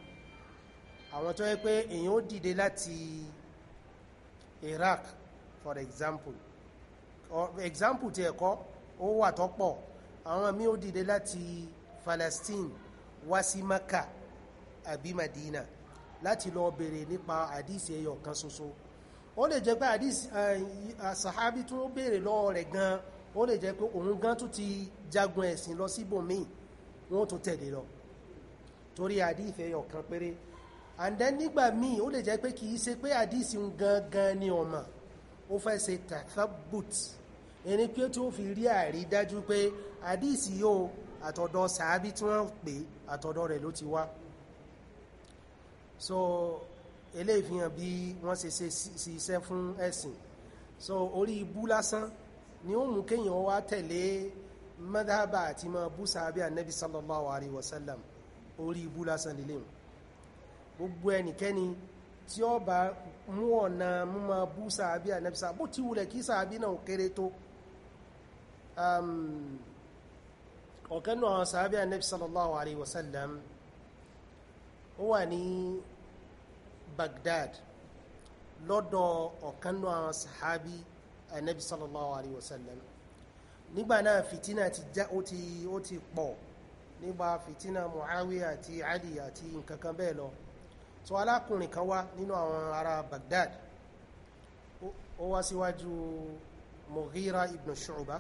àwọn tó yẹ pé èyàn ó dìde láti Iraq for example or example ti ẹ̀kọ́ ó wà tó pọ̀ àwọn míì ó dìde láti Palestine wá sí Maka àbí Madina láti lọ bèèrè nípa àdísì ẹyọ kan ṣoṣo ó lè jẹ́ pé àdísì sàhábí tó bèèrè lọ́wọ́ rẹ̀ gan ó lè jẹ́ pé òun gan tó ti jagun ẹ̀sìn lọ síbòmíì wọ́n tún tẹ̀lé lọ torí hadith ẹyọ kan péré and then nígbà míì ó lè jẹ́ pé kìí ṣe pé hadith ń gangan ni ọmọ ó fẹ́ ṣe tathabut ẹni pé tí ó fi rí àrídájú pé hadith yóò àtọ̀dọ̀ sàábí tí wọ́n pè àtọ̀dọ̀ rẹ̀ ló ti wá so ele fi hàn bí wọ́n ṣe "Si iṣẹ́ fún ẹ̀sìn so orí ibú lásán ni ó mú kéèyàn wá tẹ̀lé madhaba àti máa bú sàábí ànábì sallallahu alayhi wa sallam orí ibú lásán lílé gbogbo ẹnikẹ́ni tí ó bá mú ọ̀nà mú máa bú sàábí ànábì sàábí bó ti wulẹ̀ kí sàábí náà kéré tó ọ̀kan náà sàábí ànábì sallallahu alayhi wa sallam ó wà ní nígbà náà fìtínà ti já ó ti ó ti pọ̀ nígbà fìtínà Muawiya àti Adi àti nǹkan kan bẹ́ẹ̀ lọ so alákùnrin kan wá nínú àwọn ará Baghdad ó wá síwájú Mughira ibn Shu'ba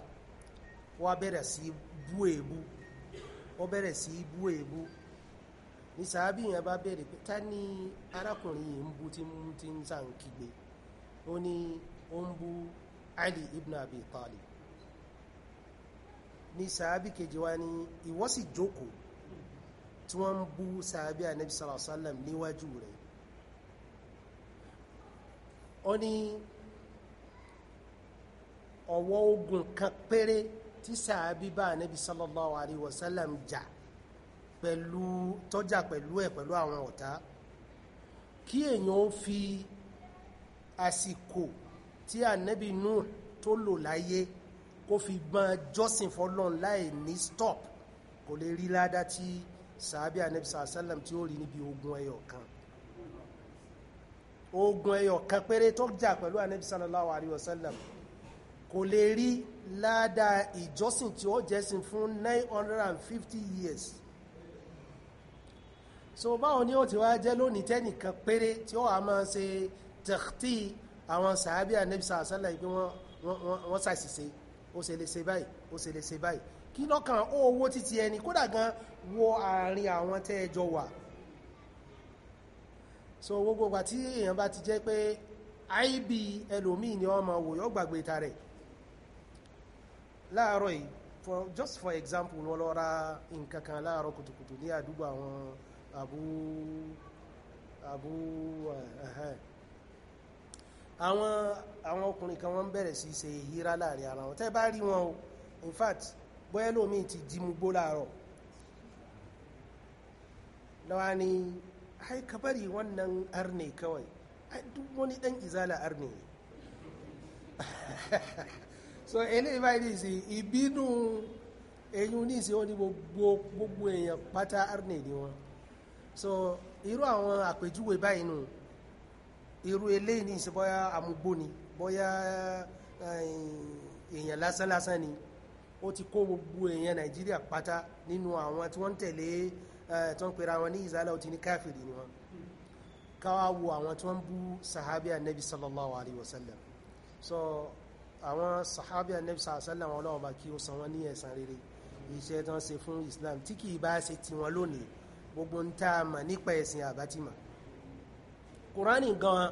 wá bẹ̀rẹ̀ sí bú èébú ó bẹ̀rẹ̀ sí bú èébú ní sàábì yẹn bá béèrè pé ta ni arákùnrin yìí ń bú tí ń sàǹkigbe ó ní ó ń bú Ali ibn Abi Talib ní sàábì kejì wá ní ìwọ́ sì jókòó tí wọ́n ń bú sàábì ànábì sallallahu alaihi wasallam níwájú rẹ̀ ó ní ọwọ́ ogun kan péré tí sàábì bá ànábì sallallahu alaihi wasallam jà pẹ̀lú tọ́jà pẹ̀lú ẹ̀ pẹ̀lú àwọn ọ̀tá kí èèyàn fi àsìkò tí ànábì Nuh tó lò láyé kó fi gbọ́n jọ́sìn fọ́lọ́n láì ní stop kò lè rí ládá tí sàábí ànẹ́bìsà sálàm tí ó rí níbi ogun ẹyọ kan ogun ẹyọ kan péré tó jà pẹ̀lú ànẹ́bìsà lọ́wọ́ àríwọ̀ sálàm kò lè rí ládá ìjọ́sìn tí ó jẹ́sìn fún 950 years so báwo ni ó ti wá jẹ́ lónìí tẹ́nìkan péré tí ó wà máa ṣe tẹ̀kítì àwọn sàábí ànẹ́bìsà sálàm pé wọ́n ṣàṣìṣe ó ṣe lè ṣe báyìí ó ṣe lè ṣe báyìí kí lọ́kàn owó títí ẹni kódà gan wo àárín àwọn tẹ́ ẹjọ wà so gbogbo ìgbà tí èèyàn bá ti jẹ́ pé àìbí ẹlòmíì ni ọmọ wò gbàgbé ta rẹ̀ láàárọ̀ yìí for just for example wọ́n lọ ra nǹkan kan láàárọ̀ kùtùkùtù ní àdúgbò àwọn àbú àbú ẹ̀hẹ́ uh, eh, uh, eh, uh, eh, àwọn àwọn ọkùnrin kan wọ́n bẹ̀rẹ̀ sí ṣe hira láàrin ara wọn tẹ́ bá rí wọn o in fact bóyá lómi ti di mú gbó láàárọ̀ lọ́wọ́ ni ai ka bari wannan arne kawai ai duk wani dan izala arne so eléyìí báyìí ní ìsìn ìbínú eyín ní ìsìn ó gbogbo èèyàn pátá arne ni wọn so irú àwọn àpèjúwe báyìí nù no irú eléyìí ní ìsìn bóyá amúgbó ni bóyá eh, èèyàn lásán ni ó ti kó gbogbo èèyàn nàìjíríà pátá nínú àwọn tí wọ́n ń tẹ̀lé eh, tó ń pera wọn ní ìzálà ó ti ní káfìrí ni wọn káwá wo àwọn tí wọ́n ń bú sahabi anabi sallallahu alayhi wa sallam so àwọn sahabi anabi sallam ọlọ́wọ́n bá kí ó san wọn ní islam tí kì í bá ṣe tiwọn lónìí gbogbo ń tá kùránì gan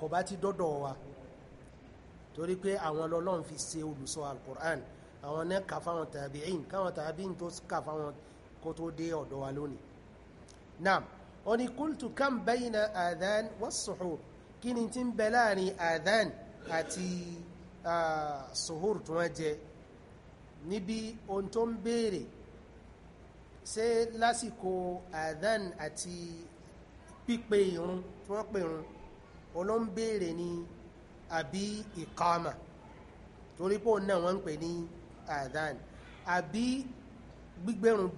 kò bá ti dọ́dọ̀ wa torí pé àwọn lọ́lọ́run fi ṣe olùsọ alkùránì àwọn náà kà fáwọn tàbíìn káwọn tàbíìn tó kà fáwọn kó tó dé ọ̀dọ̀ wa lónìí naam ó ní kúltù kam bayna adhan was kí ni ti ń bẹ láàrin adhan àti suhur tó wọ́n jẹ níbi ohun tó ń béèrè ṣé lásìkò adhan àti pípe ìrun tí wọ́n pè ìrun olóńbèrè ni àbí ìkọ́mà torí pé òun náà wọ́n ń pè ní àdán àbí gbígbẹ̀rún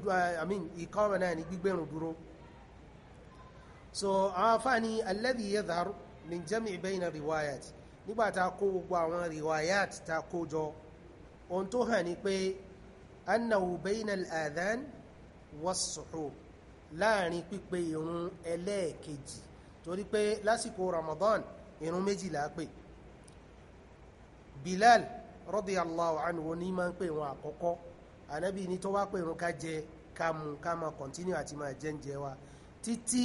i mean ìkọ́mà náà ni gbígbẹ̀rún dúró so àwọn afáàní alladhi yadhar min jami' bayna riwayat nígbàtà kó gbogbo àwọn riwayat ta kó jọ ohun tó hàn ní pé annahu bayna al-adhan was láàrin pípe irun ẹlẹ́ẹ̀kejì torí pé lásìkò Ramadan irun méjìlá pè Bilal radiyallahu anhu ní máa ń pè wọn àkọ́kọ́ ànábì ní tó wá pè irun ká jẹ ká mu ká àti máa jẹ́ jẹ wa títí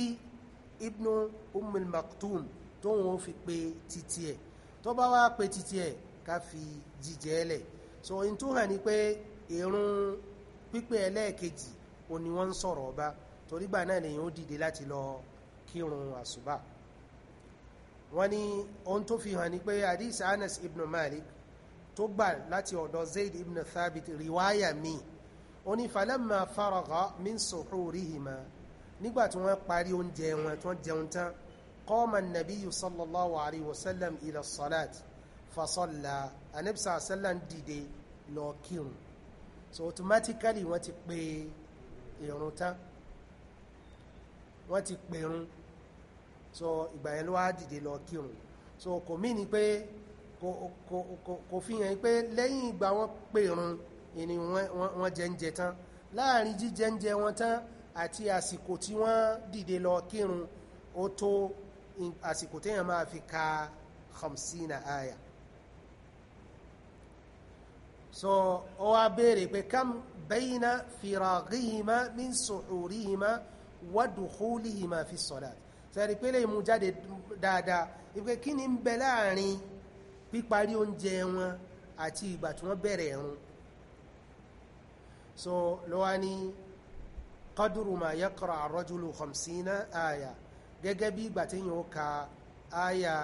ibnu umul maktum tó wọn fi pe títí ẹ̀ tó bá wá pe títí ẹ̀ ká fi jíjẹ ẹlẹ̀ so in tó hàn ní pé irun pípe ẹlẹ́ẹ̀kejì òní wọ́n sọ̀rọ̀ ọba torígbà náà lèyìn ó dìde láti lọ kírun àsùbà wọ́n ní ohun tó fi hàn ní pé hadith Anas ibn Malik tó gbà láti ọ̀dọ̀ Zaid ibn Thabit riwaya mi ó ní falamma faragha min suhurihima nígbà tí wọ́n parí oúnjẹ wọn tí jẹun tán qama an-nabiyyu sallallahu alayhi ila salat fasọ́lá anẹ́bísà sẹ́lá ń lọ kírun so automatically wọ́n ti pè ìrun tán wọ́n ti pẹ̀rún so ìgbà yẹn ló wá dìde lọ kírun so kò mí ni pé kò fi pé lẹ́yìn ìgbà wọ́n pẹ̀rún ni wọ́n jẹ́ǹjẹ tán láàrin jíjẹ́ǹjẹ wọn tán àti àsìkò tí wọ́n dìde lọ kírun ó tó àsìkò téèyàn máa fi ka khamsina aya so ó wá béèrè pé kam bayna firagihima min suhurihima wadukhulihima fi sọ̀láàtì sẹ́rí pé lè mú jáde dáadáa ìpé kí ni ń bẹ láàrin píparí oúnjẹ wọn àti ìgbà tí wọ́n bẹ̀rẹ̀ ẹ̀rùn so lọ́wọ́ ni qadru ma yaqra ar-rajulu khamsina aya gẹ́gẹ́ bí ìgbà tí yóò ka aya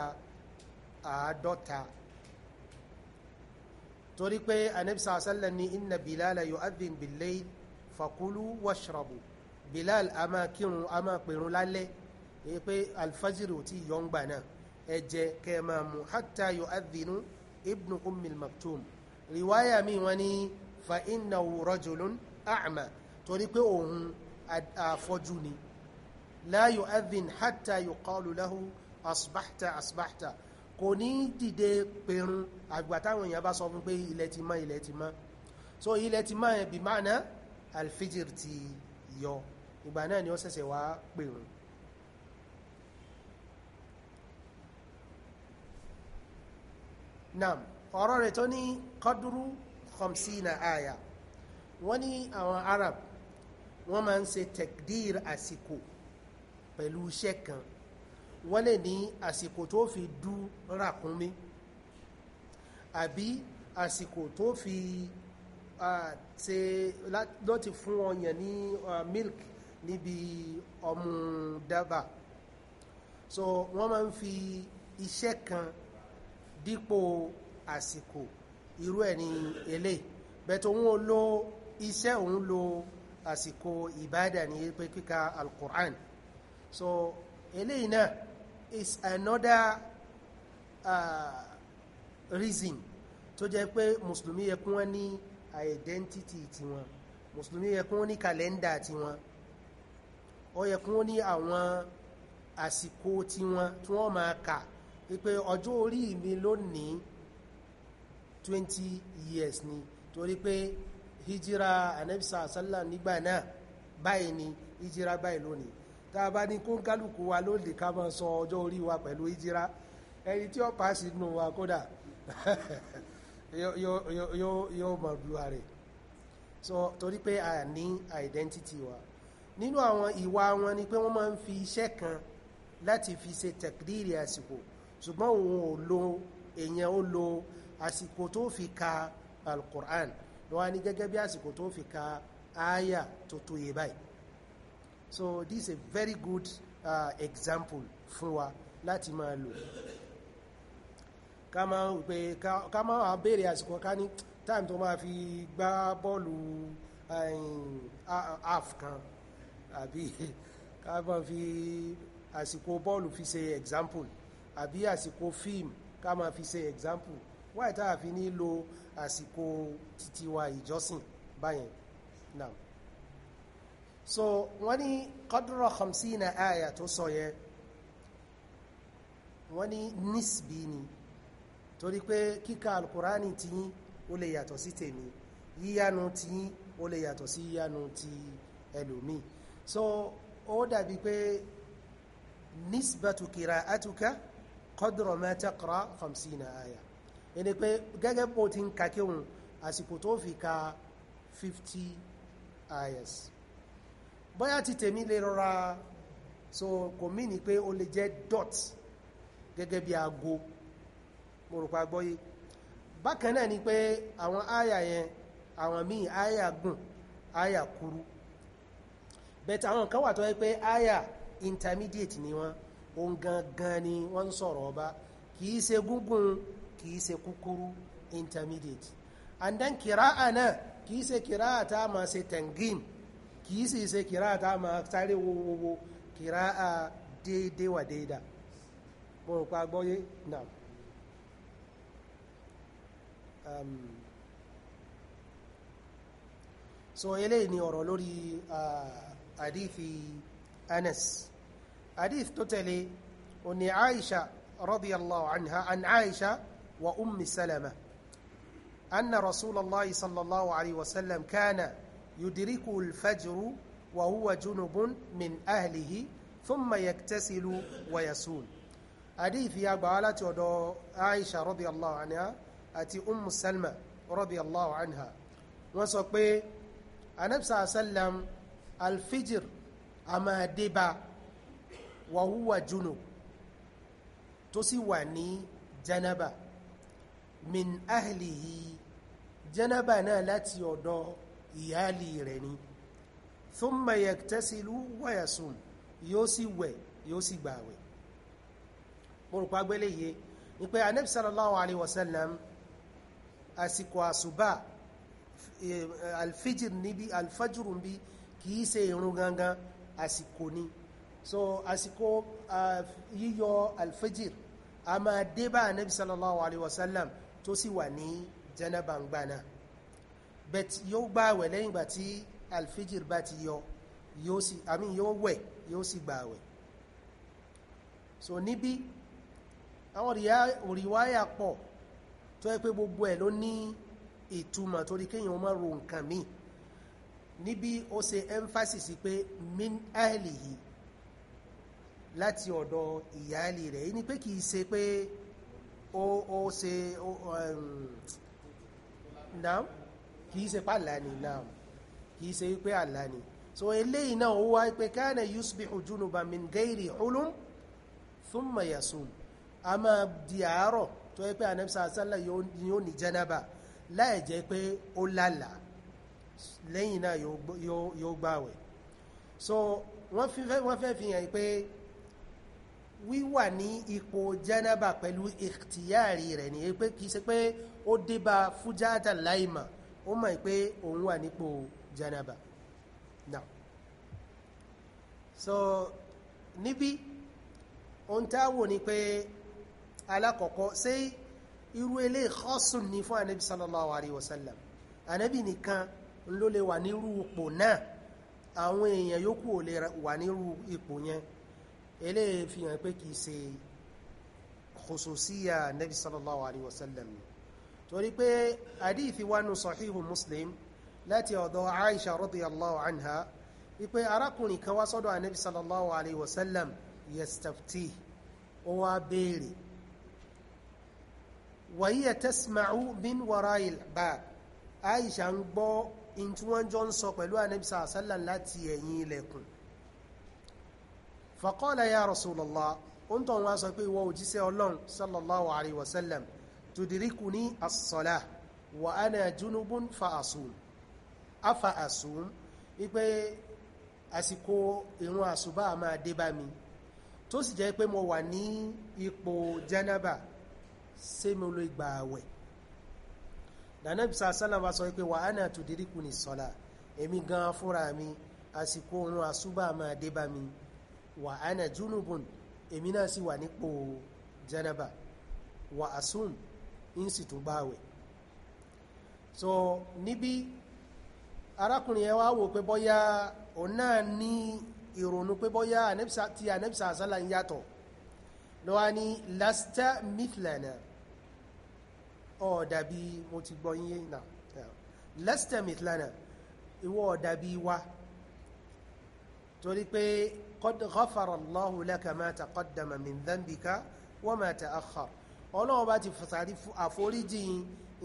àádọ́ta torí pé anabisa sallan ni inna bilala yu'adhin bil-layl fakulu washrabu Bilal a máa kírun a máa pèrun lálẹ́ èyí pé alfajiri ò tí yọ ń gbà náà ẹ jẹ kẹ́ máa mu hatta yu'adhdhinu ibnu ummil maktum riwaya mi wọ́n ní fa innahu rajulun a'ma torí pé òun àfọ́jú ni la yu'adhdhin hatta yuqalu lahu asbahta asbahta kò ní dìde pèrun àgbà táwọn èèyàn bá sọ fún pé ilẹ̀ ti mọ́ ilẹ̀ ti mọ́ so ilẹ̀ ti mọ́ ẹ̀ bí máa ná alfijir ti yọ ìgbà náà ni ó ṣẹ̀ṣẹ̀ wá pèrún nam ọ̀rọ̀ rẹ̀ tó ní kọ́dúrú khamsina àyà wọ́n ní àwọn arab wọ́n máa ń ṣe tekdir àsìkò pẹ̀lú iṣẹ́ kan wọ́n lè ní àsìkò tó fi dú ràkúnmí àbí àsìkò tó fi ṣe lọ́ti fún ọyàn ní milk níbi ọmú dábà so wọ́n máa ń fi iṣẹ́ kan dípò àsìkò irú ẹ̀ ni elé bẹ̀tọ̀ òun lo iṣẹ́ òun lo àsìkò ìbádà ní pé kíka alkùrán so eléyìí náà is another uh, reason tó jẹ́ pé mùsùlùmí yẹ kún wọ́n ní identity tiwọn mùsùlùmí yẹ kún wọ́n ní kàlẹ́ndà tiwọn ó yẹ kí wọ́n ní àwọn àsìkò tiwọn tí wọ́n máa kà wípé ọjọ́ orí mi lónìí twenty years ni torí pé hijira anabisa asala nígbà náà báyìí ni hijira báyìí lónìí tá a bá ní kó ń wa lóde ká máa sọ ọjọ́ orí wa pẹ̀lú hijira ẹni tí ó pàṣẹ nù wa kódà yóò mọ̀ lu ààrẹ so torí pé a ní identity wa nínú àwọn ìwà wọn ni pé wọ́n máa ń fi iṣẹ́ kan láti fi ṣe tẹ̀kìdìrì àsìkò ṣùgbọ́n òun ò lo èèyàn ó lo àsìkò tó fi ka alquran lọ́wọ́ ní gẹ́gẹ́ bí àsìkò tó fi ka aya tó tó yé báyìí so this is a very good uh, example fún wa láti máa lò ká máa pé àsìkò ká ní time tó máa fi gbá bọ́ọ̀lù eh, half kan àbí ká máa fi àsìkò bọ́ọ̀lù fi ṣe example àbí àsìkò fíìmù ká máa fi ṣe example wáyé tá a fi ní lo àsìkò títí wa ìjọsìn báyẹn náà so wọ́n ní kọ́dúrọ̀ khamsina àyà tó sọ yẹn wọ́n ní nísbí ni torí pé kíkà alkùránì ti yín ó lè yàtọ̀ sí tèmi yíyánu ti yín ó lè yàtọ̀ sí yíyánu ti ẹlòmíì so ó dàbí pé nisbatu qira'atuka qadra ma taqra 50 aya ẹni pé gẹ́gẹ́ bó ti ń ka àsìkò tó fi ka 50 ayas bóyá ti tèmi lè rọra so kò mí ní pé ó lè jẹ́ dot gẹ́gẹ́ bí aago mo rò pa gbọ́yé bákan náà ni pé àwọn aya yẹn àwọn míì aya gùn aya kúrú bẹ̀tẹ̀ àwọn kan wà tó yẹ aya intermediate ni wọ́n ohun gangan ni wọ́n ń sọ̀rọ̀ ọba kìí ṣe gúngùn kìí ṣe kúkúrú intermediate and then kìráà náà kìí ṣe kìráà tá a máa ṣe tangin kìí sì ṣe kìráà tá a sáré wowowo kìráà déédéé wà déédà mo rò pa gbọ́yé náà um, so eléyìí ni ọ̀rọ̀ lórí uh, hadithi anas hadith tó tẹ̀lé òní aisha radiyallahu anha an aisha wa ummi salama anna rasulallah sallallahu alaihi wasallam kana yudiriku alfajru wa huwa junubun min ahlihi thumma yaktasilu wa yasul hadith ya gbà láti ọ̀dọ̀ aisha radiyallahu anha àti ummu salma radiyallahu anha wọ́n sọ pé anabisa sallam alfijir a máa dé bá wàhúwà junub tó sì wà ní janaba min ahlihi janaba náà láti ọ̀dọ̀ ìyáàlì rẹ̀ ni thumma yaktasilu wa yasum yóò sì wẹ̀ yóò sì gbààwẹ̀ orùpá gbélé yé ní pé anabi sallallahu alaihi wasallam àsìkò àsùbá eh, alfijir níbi alfajirun bíi kìí ṣe ìrun gangan àsìkò ni so àsìkò yíyọ alfajir a máa dé bá anabi sallallahu alaihi wasallam tó sì wà ní janaba ń gbaná bet yóò gbààwẹ̀ lẹ́yìn ìgbà tí alfajir bá ti yọ yóò sì àmì yóò wẹ̀ yóò sì gbààwẹ̀ so níbí àwọn òrìwáyà pọ̀ tó yẹ pé gbogbo ẹ̀ ló ní ìtumọ̀ torí kéèyàn má ro nǹkan míì níbi ó ṣe emphasis pé min ahlihi láti ọ̀dọ̀ ìyáàlì rẹ̀ ní pé kìí ṣe pé ó ó ṣe um, naam kìí ṣe pàlà ní naam kìí ṣe pé àlà ní so eléyìí náà ó wá pé kana yusbihu junuban min gairi hulum thumma yasum a máa di àárọ̀ tó yẹ pé anẹ́bísà sálà yóò ní jẹ́nàbà láì pé ó lálàá lẹ́yìn náà yóò gbàwẹ̀ so wọ́n fẹ́ fi hàn pé wíwà ní ipò jẹ́nàbà pẹ̀lú ìkìtìyàrí rẹ̀ ní pé kìí ṣe pé ó débà fújáàtà láìmà ó mọ̀ pé òun wà nípò jẹ́nàbà now so níbi ohun tá wò ní pé alákọ̀ọ́kọ́ ṣé irú ilé ìkọ́sùn ní fún ànábì sallallahu alaihi wasallam ànábì nìkan ló lè wà nírú ipò náà àwọn èèyàn yòókù ò lè wà nírú ipò yẹn eléyìí fi hàn pé kìí ṣe khususiya nabi sallallahu alaihi wasallam torí pé hadithi wà nù sahihu muslim láti ọ̀dọ̀ aisha radiyallahu anha wípé arákùnrin kan wá sọ́dọ̀ anabi sallallahu alaihi wasallam yastafti ó wá béèrè wàyí tasma'u min wara'il bab aisha ń gbọ́ in tí wọ́n jọ ń sọ pẹ̀lú anabisa asalan láti ẹ̀yìn ilẹ̀kùn faqala ya rasulallah ó ń tọ̀ wọn sọ pé ìwọ òjíṣẹ́ ọlọ́run sallallahu alayhi wa sallam tudirikuni as-salah wa ana junubun fa asum afa asum ipe àsìkò ìrun àsùbá a máa dé bá mi tó sì jẹ́ pé mo wà ní ipò janaba ṣé mo lè gbà àwẹ̀ dànàbí sàásánà wa sọ pé wà á nà tùdíríkù ní sọ́lá èmi gan fúnra mi àsìkò oorun àsúbà máa dé bá mi wà á nà júnùbùn èmi náà sì wà nípò jẹ́nàbà wà á ń sì tún gbààwẹ̀ so níbi arákùnrin yẹn wá wò pé bọ́yá òun náà ní ìrònú pé bọ́yá ti ànẹ́bìsà àsálà ń yàtọ̀ lọ́wọ́ ni lasta mithlana ọ̀dà bí mo ti gbọ́ yín náà lestemit lana ìwọ ọ̀dà bí wa torí pé qad ghafara Allahu laka ma taqaddama min dhanbika wa ma ta'akhkhar ọlọ́run bá ti fàtàrí àforíjì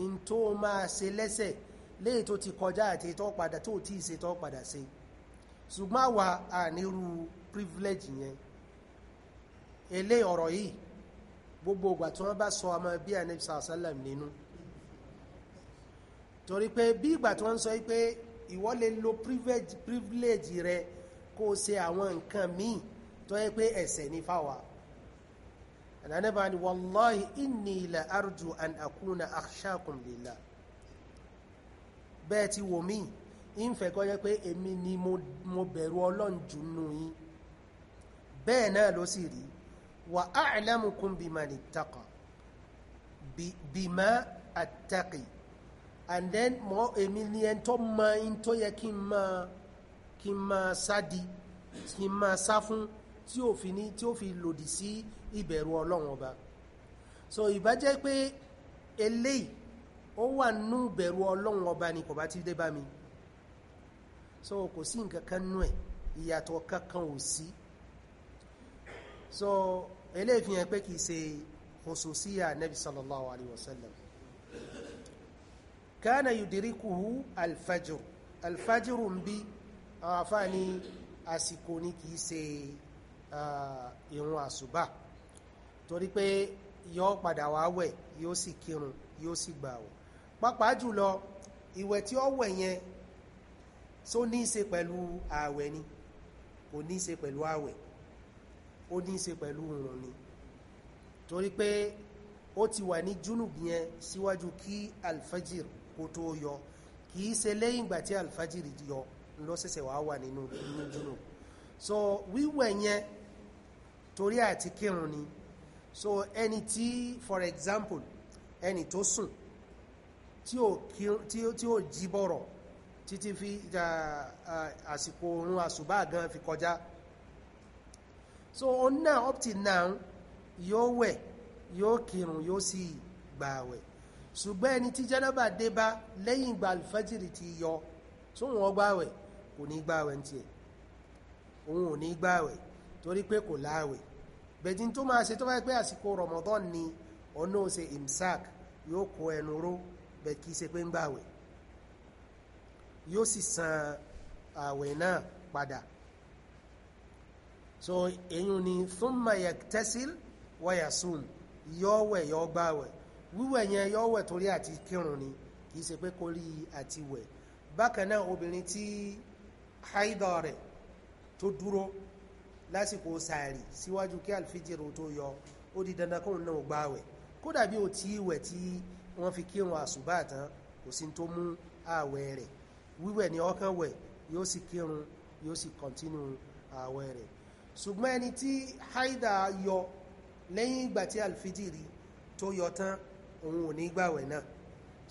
in tó máa ṣe lẹ́sẹ̀ léè tó ti kọjá àti tó padà tó tí ìṣe tó padà ṣe ṣùgbọ́n àwa ànírú privilege yẹn elé ọ̀rọ̀ yìí gbogbo ìgbà tí wọ́n bá sọ ọmọ bí anabi sàásálàm nínú torí pé bí ìgbà tí wọ́n sọ pé ìwọ lè lo privilege rẹ kó o ṣe àwọn nǹkan míì tó yẹ pé ẹ̀ṣẹ̀ ní fáwa ànánẹ́bà ni wàláhì inni la arju an akuna akhshakum lillah bẹ́ẹ̀ ti wò mí ìfẹ́ kọ́ yẹ pé èmi ni mo bẹ̀rù ọlọ́njù nù yín bẹ́ẹ̀ náà ló sì rí wa a'lamukum biman ittaqa bima attaqi and then mọ èmi ni ẹni tó mọ in tó yẹ kí n máa kí n máa sádi kí n máa sá fún fi ní tí ó fi lòdì so ìbájẹ́ pé eléyìí ó wà nínú ìbẹ̀rù ọlọ́run ọba ni kò bá ti dé bá mi so kò sí nǹkan kan nú ẹ̀ ìyàtọ̀ kankan ò sí so eléyìí fi hàn pé kìí ṣe khususiyya nabi sallallahu alayhi wa sallam kana yudirikuhu alfajr alfajr ń bí àwọn afá ní àsìkò ní kìí ṣe ìrun àsùbá torí pé yóò padà wá wẹ̀ yóò sì kírun yóò sì gbààwẹ̀ pàápàá jùlọ ìwẹ̀ tí ó wẹ̀ yẹn tó ní í ṣe pẹ̀lú ààwẹ̀ ni kò ní í ṣe pẹ̀lú ààwẹ̀ ó ní í ṣe pẹ̀lú oòrùn ni torí pé ó ti wà ní junub síwájú kí alfajir kó tó yọ kì í ṣe lẹ́yìn ìgbà tí alfajir yọ ló ṣẹ̀ṣẹ̀ wá wà nínú ní so wíwẹ̀ yẹn torí àti kírun ni so ẹni tí for example ẹni tó sùn tí ó jí bọ̀rọ̀ títí fi àsìkò oorun àsùbá gan fi kọjá so òun náà up till now yóò wẹ̀ yóò kírun yóò sì gbààwẹ̀ ṣùgbọ́n ẹni tí jẹ́nàbà dé bá lẹ́yìn ìgbà alfajiri ti we tó wọ́n gbààwẹ̀ kò ní gbààwẹ̀ ní tiẹ̀ òun ò ní gbààwẹ̀ torí pé kò láàwẹ̀ bẹ̀dín tó máa ṣe tó fẹ́ pé àsìkò Ramadan ni ọ̀nà ṣe imsak yóò kó ẹnu ró bẹ̀ kìí ṣe pé ń gbààwẹ̀ yóò sì san ààwẹ̀ náà padà so èyàn ni thumma yaktasil wa yasum yọ́wẹ̀ yọ́gbàwẹ̀ wíwẹ̀ yẹn yọ́wẹ̀ torí àti kírun ni kìí ṣe pé kórí àti wẹ̀ bákan náà obìnrin tí haidọ̀ rẹ̀ tó dúró lásìkò sàárì síwájú kí alfijir tó yọ ó di dandan kóhun náà gbàwẹ̀ kódà bí o tí ìwẹ̀ tí wọ́n fi kírun àsùbá tán kò sí tó mú ààwẹ̀ rẹ̀ wíwẹ̀ ni ọkàn wẹ̀ yóò sì kírun yóò sì kọ̀ntínú ààwẹ̀ rẹ̀ ṣùgbọ́n ẹni tí haida yọ lẹ́yìn ìgbà tí alfijiri tó yọ tán òun ò ní gbàwẹ̀ náà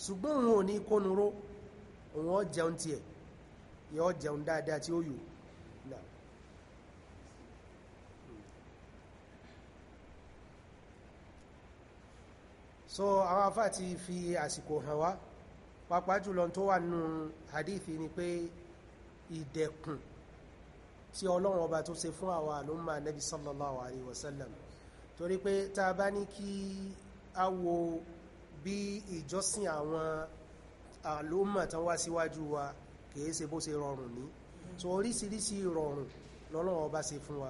ṣùgbọ́n òun ò ní kónuró òun ó jẹun tiẹ̀ yóò jẹun dáadáa tí ó yò so àwọn afá ti fi àsìkò hàn wá pàápàá jùlọ tó wà nínú hadithi ni pé ìdẹ̀kùn tí ọlọ́run ọba tó ṣe fún àwa àlúmà nẹ́bí sallallahu alayhi wa sallam torí pé tá a bá ní kí a wo bí ìjọsìn àwọn àlúmà tán wá síwájú wa kìí ṣe bó ṣe rọrùn ní so oríṣiríṣi ìrọ̀rùn lọ́lọ́run ọba ṣe fún wa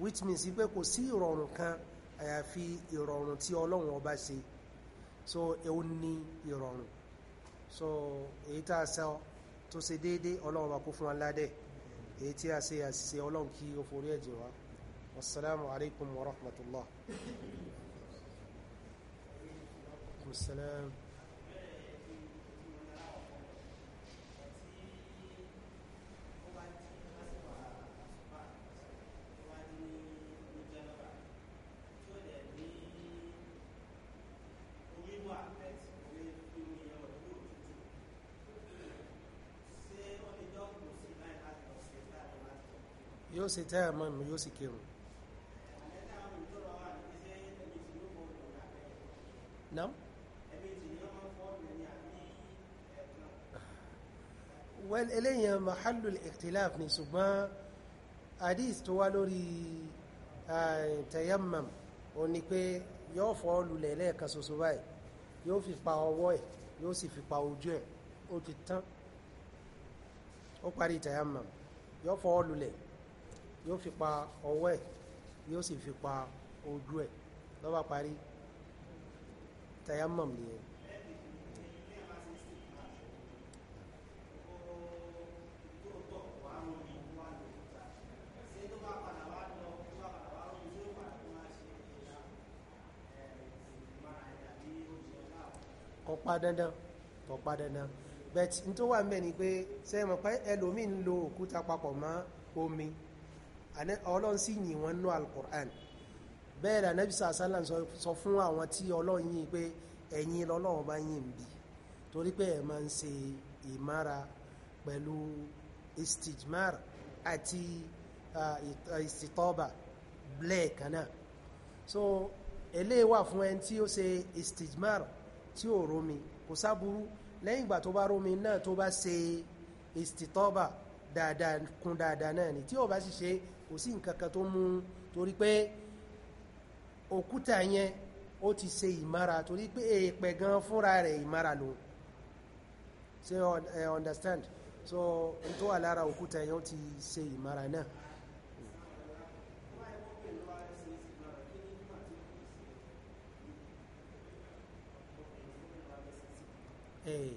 which means pé kò sí ìrọ̀rùn kan àyàfi ìrọ̀rùn tí ọlọ́run ọba ṣe so èwo ni ìrọ̀rùn so èyí tá a sọ tó ṣe déédéé ọlọ́run ọba kó fún wa ládẹ́ẹ̀ èyí tí a ṣe àṣìṣe ọlọ́run kí ó forí ẹ̀jẹ̀ wa wasalaamu alaykum wa rahmatullah. Assalamu. ṣe tẹ́ àmọ́ mi yóò sì kírun. Nam? Well, eléyìn mahallul ikhtilaf ni ṣùgbọ́n hadith tó wá lórí tayammam ó ní pé yóò fọ́ lulẹ̀ lẹ́ẹ̀kan ṣoṣo báyìí yóò fi pa ọwọ́ ẹ̀ yóò sì fi pa ojú ẹ̀ ó ti tán ó parí tayammam yóò fọ́ lulẹ̀ yóò fi pa ọwọ́ ẹ̀ yóò sì fi pa ojú ẹ̀ ló bá parí tayammum nìyẹn. kò pa dandan kò pa dandan bẹ́ẹ̀ tí n tó wà ń ni pé sẹ́yìn mọ̀ pé ẹlòmíín lo òkúta papọ̀ mọ́ omi ọlọ́run sì yìn wọn nú alukur'an bẹ́ẹ̀ la nabi sàásàlà sọ fún àwọn tí ọlọ́run yìn pé ẹ̀yin lọ́lọ́run bá yìn bí torí pé ẹ̀ máa ń ṣe ìmára pẹ̀lú istijmar àti istitoba blẹ̀ kanáà so eléyìí wà fún ẹni tí ó ṣe istijmar tí ò rómi kò sáburú lẹ́yìn ìgbà tó bá rómi náà tó bá ṣe istitoba dáadáa kún dáadáa náà ni tí ò bá sì ṣe kò sí nǹkankan tó mú torí pé òkúta yẹn ó ti ṣe ìmára torí pé èèpẹ̀ gan fúnra rẹ̀ ìmára lò ṣe understand so n tó wà lára òkúta yẹn ó ti ṣe ìmára náà Hey.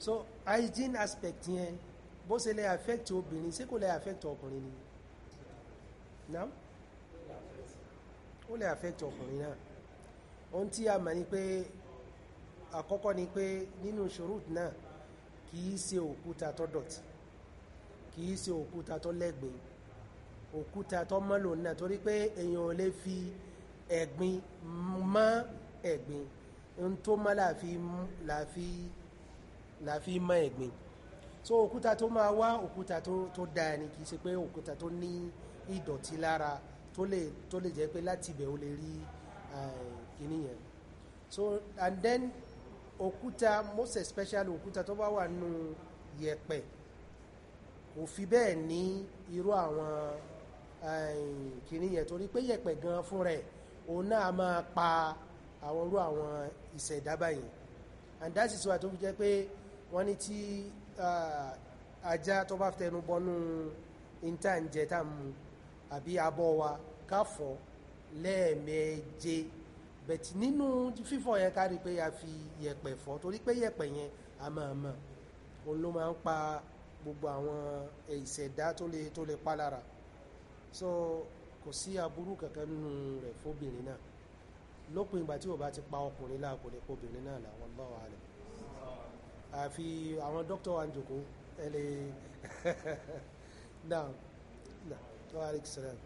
so hygiene aspect yẹn bó ṣe lè affect obìnrin ṣé kò lè affect ọkùnrin ni na ó lè affect ọkùnrin náà ohun tí a mọ̀ ni pé àkọ́kọ́ ni pé nínú shurut náà kìí ṣe òkúta tó dọ̀tí kìí ṣe òkúta tó lẹ́gbin òkúta tó mọ́lò náà torí pé èèyàn lè fi ẹ̀gbin mọ́ ẹ̀gbin ohun tó mọ́ làfi la fi mọ ẹ̀gbin so òkúta tó máa wá òkúta tó dáa ni kì í ṣe pé òkúta tó ní ìdọ̀tí lára tó lè tó lè jẹ́ pé láti ibẹ̀ ó lè rí eh, kíní yẹn so and then òkúta most especially òkúta tó bá wà nù yẹ̀pẹ̀ kò fi bẹ́ẹ̀ ní irú àwọn eh, kíní yẹn torí pé yẹ̀pẹ̀ gan fún rẹ̀ òun náà máa pa àwọn irú àwọn ìṣẹ̀dá báyìí and that is why tó fi jẹ́ pé wọ́n ní tí ajá tó bá tẹnu bọnú intanjẹ tá mú àbí abọ́ wa káfọ́ lẹ́ẹ̀mẹ́je bẹ̀tì nínú fífọ̀ yẹn kárí pé a fi yẹ̀pẹ̀ fọ̀ torí pé yẹ̀pẹ̀ yẹn a òun ló máa ń pa gbogbo àwọn ìṣẹ̀dá tó lè tó lè pa lára so kò sí aburú kankan nínú rẹ̀ fóbìnrin náà lópin ìgbà tí ò bá ti pa ọkùnrin láà kò náà làwọn bá wà lẹ́yìn àfi àwọn dókítà wa ń jòkó ẹ lè náà náà wa alaikum salaam.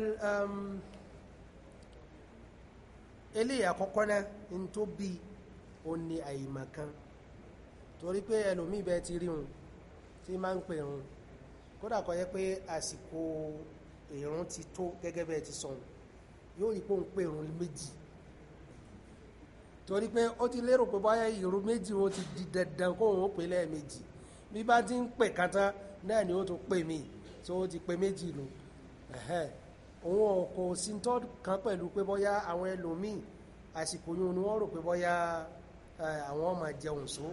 well um, eléyìí àkọ́kọ́ náà n tó bí o ní àyìmọ̀ kan torí pé ẹlòmíì bẹ́ẹ̀ ti rí hun tí máa ń pè hun kódà kò yẹ pé àsìkò ìrun ti tó gẹ́gẹ́ bẹ́ẹ̀ ti sọ̀hún yóò rí pé òun pè hun méjì torí pé ó ti lérò pé báyẹ̀ ìrun méjì ó ti di dandan kó òun ó pè lẹ́ẹ̀mejì bí bá ti ń pè kátá náà ni ó tó pè mí tí ti pè méjì nù òun kò sí tọ́ kan pẹ̀lú pé bọ́yá àwọn ẹlòmíì àsìkò yún ni wọ́n rò pé bọ́yá àwọn ọmọ jẹun só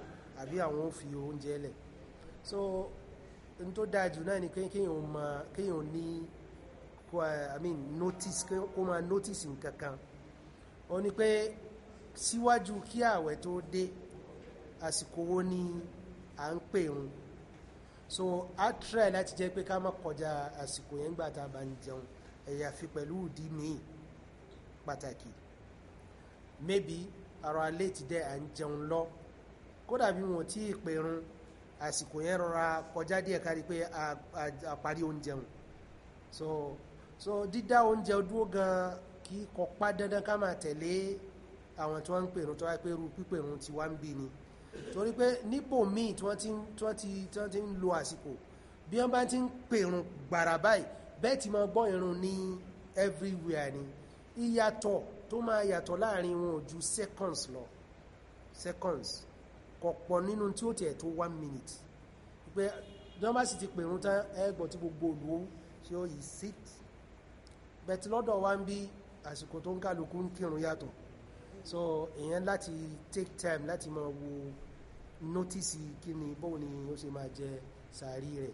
àbí àwọn ò fi oúnjẹ lẹ̀ so n tó dáa jù náà ni kéèyàn mọ kéèyàn ní i mean notice kó máa notice nǹkan kan ó ní pé síwájú kí ààwẹ̀ tó dé àsìkò wo ni à ń pè so a try láti jẹ́ pé ká má kọjá àsìkò yẹn gbà tá a bá ń jẹun àyàfi pẹ̀lú ìdí míì pàtàkì maybe ara alẹ́ ti dẹ́ à ń jẹun lọ kódà bí wọn tí ìpẹ̀rún àsìkò yẹn rọra kọjá díẹ̀ kárí pé a parí oúnjẹun so so dídá oúnjẹ dúró gan kí kò pa dandan ká máa tẹ̀lé àwọn tí wọ́n ń pèrún tó wá pé irú pípèrún ti wá ń bí ni torí pé nípò míì tí wọ́n ti ń lo àsìkò bí wọ́n bá ti ń pèrún gbàrà báyìí bẹ́ẹ̀ ti máa gbọ́ irun ní everywhere ni ìyàtọ̀ tó máa yàtọ̀ láàrin wọn ò ju seconds lọ seconds kọ̀pọ̀ nínú tí ó tiẹ̀ tó one minute pé jọba sì ti pèrún tán ẹgbọ̀n tí gbogbo olùwó ṣe ó yìí sit bẹ̀tí lọ́dọ̀ wa ń bí àsìkò tó ń kálukú ń kírun yàtọ̀ so èèyàn láti take time láti máa wo notice kí ni bóun ni ó ṣe máa jẹ sàárì rẹ̀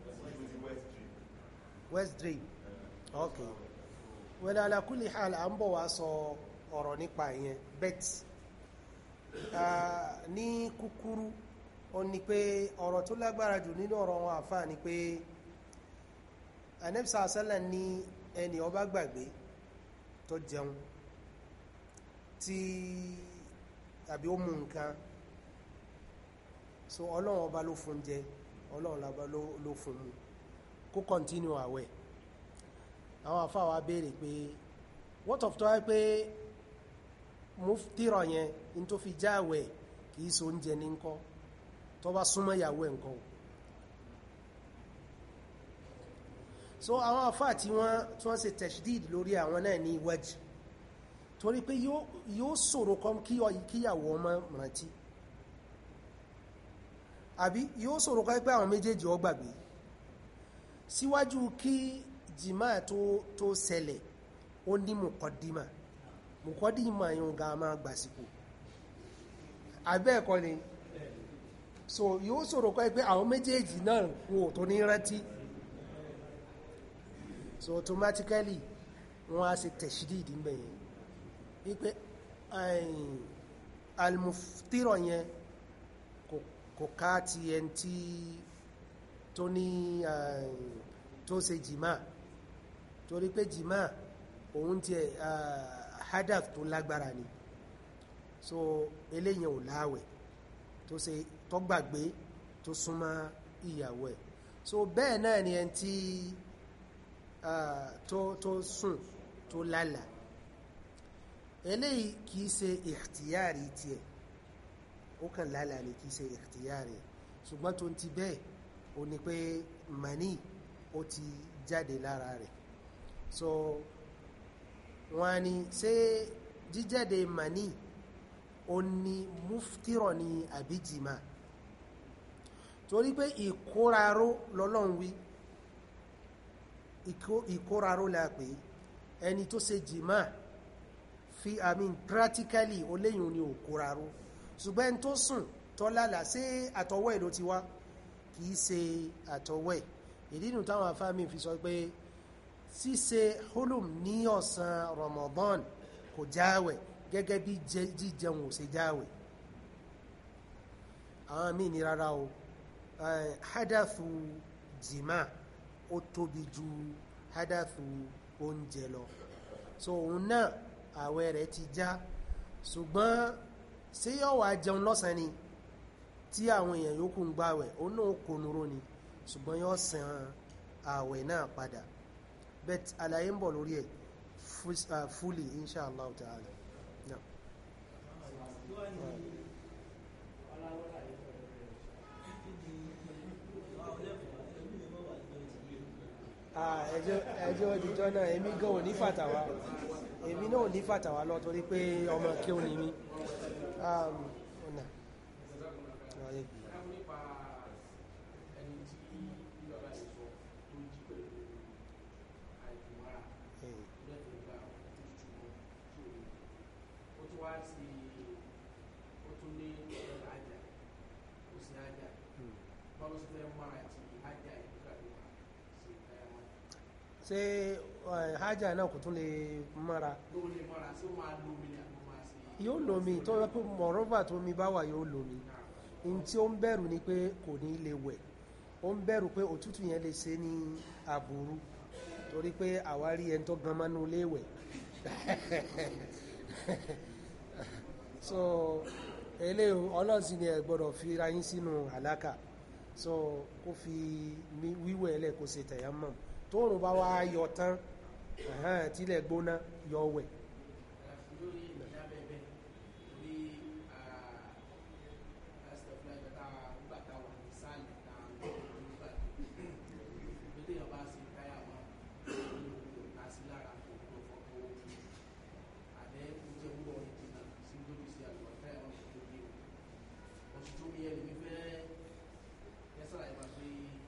west dream ok well ala kulli hal à ń bọ̀ wá sọ ọ̀rọ̀ nípa ìyẹn bet ní kúkúrú ó ní pé ọ̀rọ̀ tó lágbára jù nínú ọ̀rọ̀ wọn àfà ni pé anẹ́bísà àṣẹ́lẹ̀ ní ẹni ó gbàgbé tó jẹun tí àbí ó mú nǹkan so ọlọ́run ọba ló fún jẹ ọlọ́run ọba ló fún mu kó continue àwẹ̀ àwọn àfáà wa béèrè pé what of tó wáyé pé muftirọ̀ yẹn in tó fi já àwẹ̀ kìí so oúnjẹ ní ńkọ́ tó bá súnmọ́ ìyàwó ẹ̀ ńkọ́ so àwọn àfáà tí wọ́n tí wọ́n ṣe tashdid lórí àwọn náà ní wájì torí pé yóò ṣòro kan kíyàwó ọmọ rántí àbí yóò ṣòro kan pé àwọn méjèèjì ó síwájú kí jìmá tó tó ṣẹlẹ̀ ó ní mùkọ́dímà mùkọ́dímà yóò ga máa gbàsìkò àbẹ́ẹ̀kọ́ ni so yóò sọ̀rọ̀ kọ́ pé àwọn méjèèjì náà wọn ò tó ní rántí so automatically wọ́n á ṣe tẹ̀ṣídì ìdínbẹ̀ yẹn wípé almuftiro yẹn kò ká ti ẹni tí tó ní eh, tó ṣe jìmá torí pé jìmá òun ti eh, hadaf tó lágbára ni so eléyìn ò láwẹ̀ tó ṣe tó tó súnmọ́ ìyàwó ẹ̀ so bẹ́ẹ̀ náà ni ẹn tí eh, tó tó sùn tó lálàá eléyìí kìí ṣe ìhtiyari tiẹ̀ ó kàn lálàá ni kìí ṣe ìhtiyari ṣùgbọ́n tó ti bẹ́ẹ̀ ó ní pé mani ó ti jáde lára rẹ̀ so wọ́n ní ṣé jíjáde mani ó ní muftirọ̀ ní àbíjìmá torí pé ìkóraró lọ́lọ́run wí ìkóraró la pè ẹni tó ṣe jìmá fi àmì practically ó léyìn ní òkóraró ṣùgbọ́n tó sùn tọ́lálà sí àtọwọ́ èlò ti wá kìí ṣe àtọwẹ́ ìdínú táwọn afámi fi sọ pé ṣíṣe hulum ní ọ̀sán Ramadan kò jáwẹ̀ gẹ́gẹ́ bí jíjẹun ò ṣe jáwẹ̀ àwọn míì ní rárá o hadathu jìmá ó tóbi ju hadathu oúnjẹ lọ so òun náà àwẹ̀ rẹ̀ ti já ṣùgbọ́n ṣé yóò jẹun lọ́sàn ni tí àwọn èèyàn yòókù ń gbàwẹ̀ òun náà kónúró ni ṣùgbọ́n yóò san ààwẹ̀ náà padà bet àlàyé ń bọ̀ lórí ẹ̀ ah, fully inshallah ta'ala náà. ẹjọ́ ìdíjọ́ náà èmi gan ò ní fàtàwà èmi náà ò ní fàtàwà lọ torí pé ọmọ kí ó ní mí. Um, ayé kù. ká nípa ẹni tí náà kò tún lè mọ́ra. ló lè mọ́ra sí ó máa lómi ni àbí ó máa ṣe. yóò lómi tó yẹ kó mọ̀rọ́bà tó mi bá wà yóò lómi. Nah. in tí ó ń bẹ̀rù ni pé kò ní lè wẹ̀ ó ń bẹ̀rù pé òtútù yẹn lè ṣe ní aburú torí pé àwárí ẹni tó gan mánú lè wẹ̀ so ele ọlọ́sìn ni ẹ gbọ́dọ̀ fi so kó fi wíwẹ̀ ẹlẹ́ kó ṣe tẹ̀yàmọ̀ tóòrùn bá wá yọ tán tílẹ̀ gbóná yọ wẹ̀.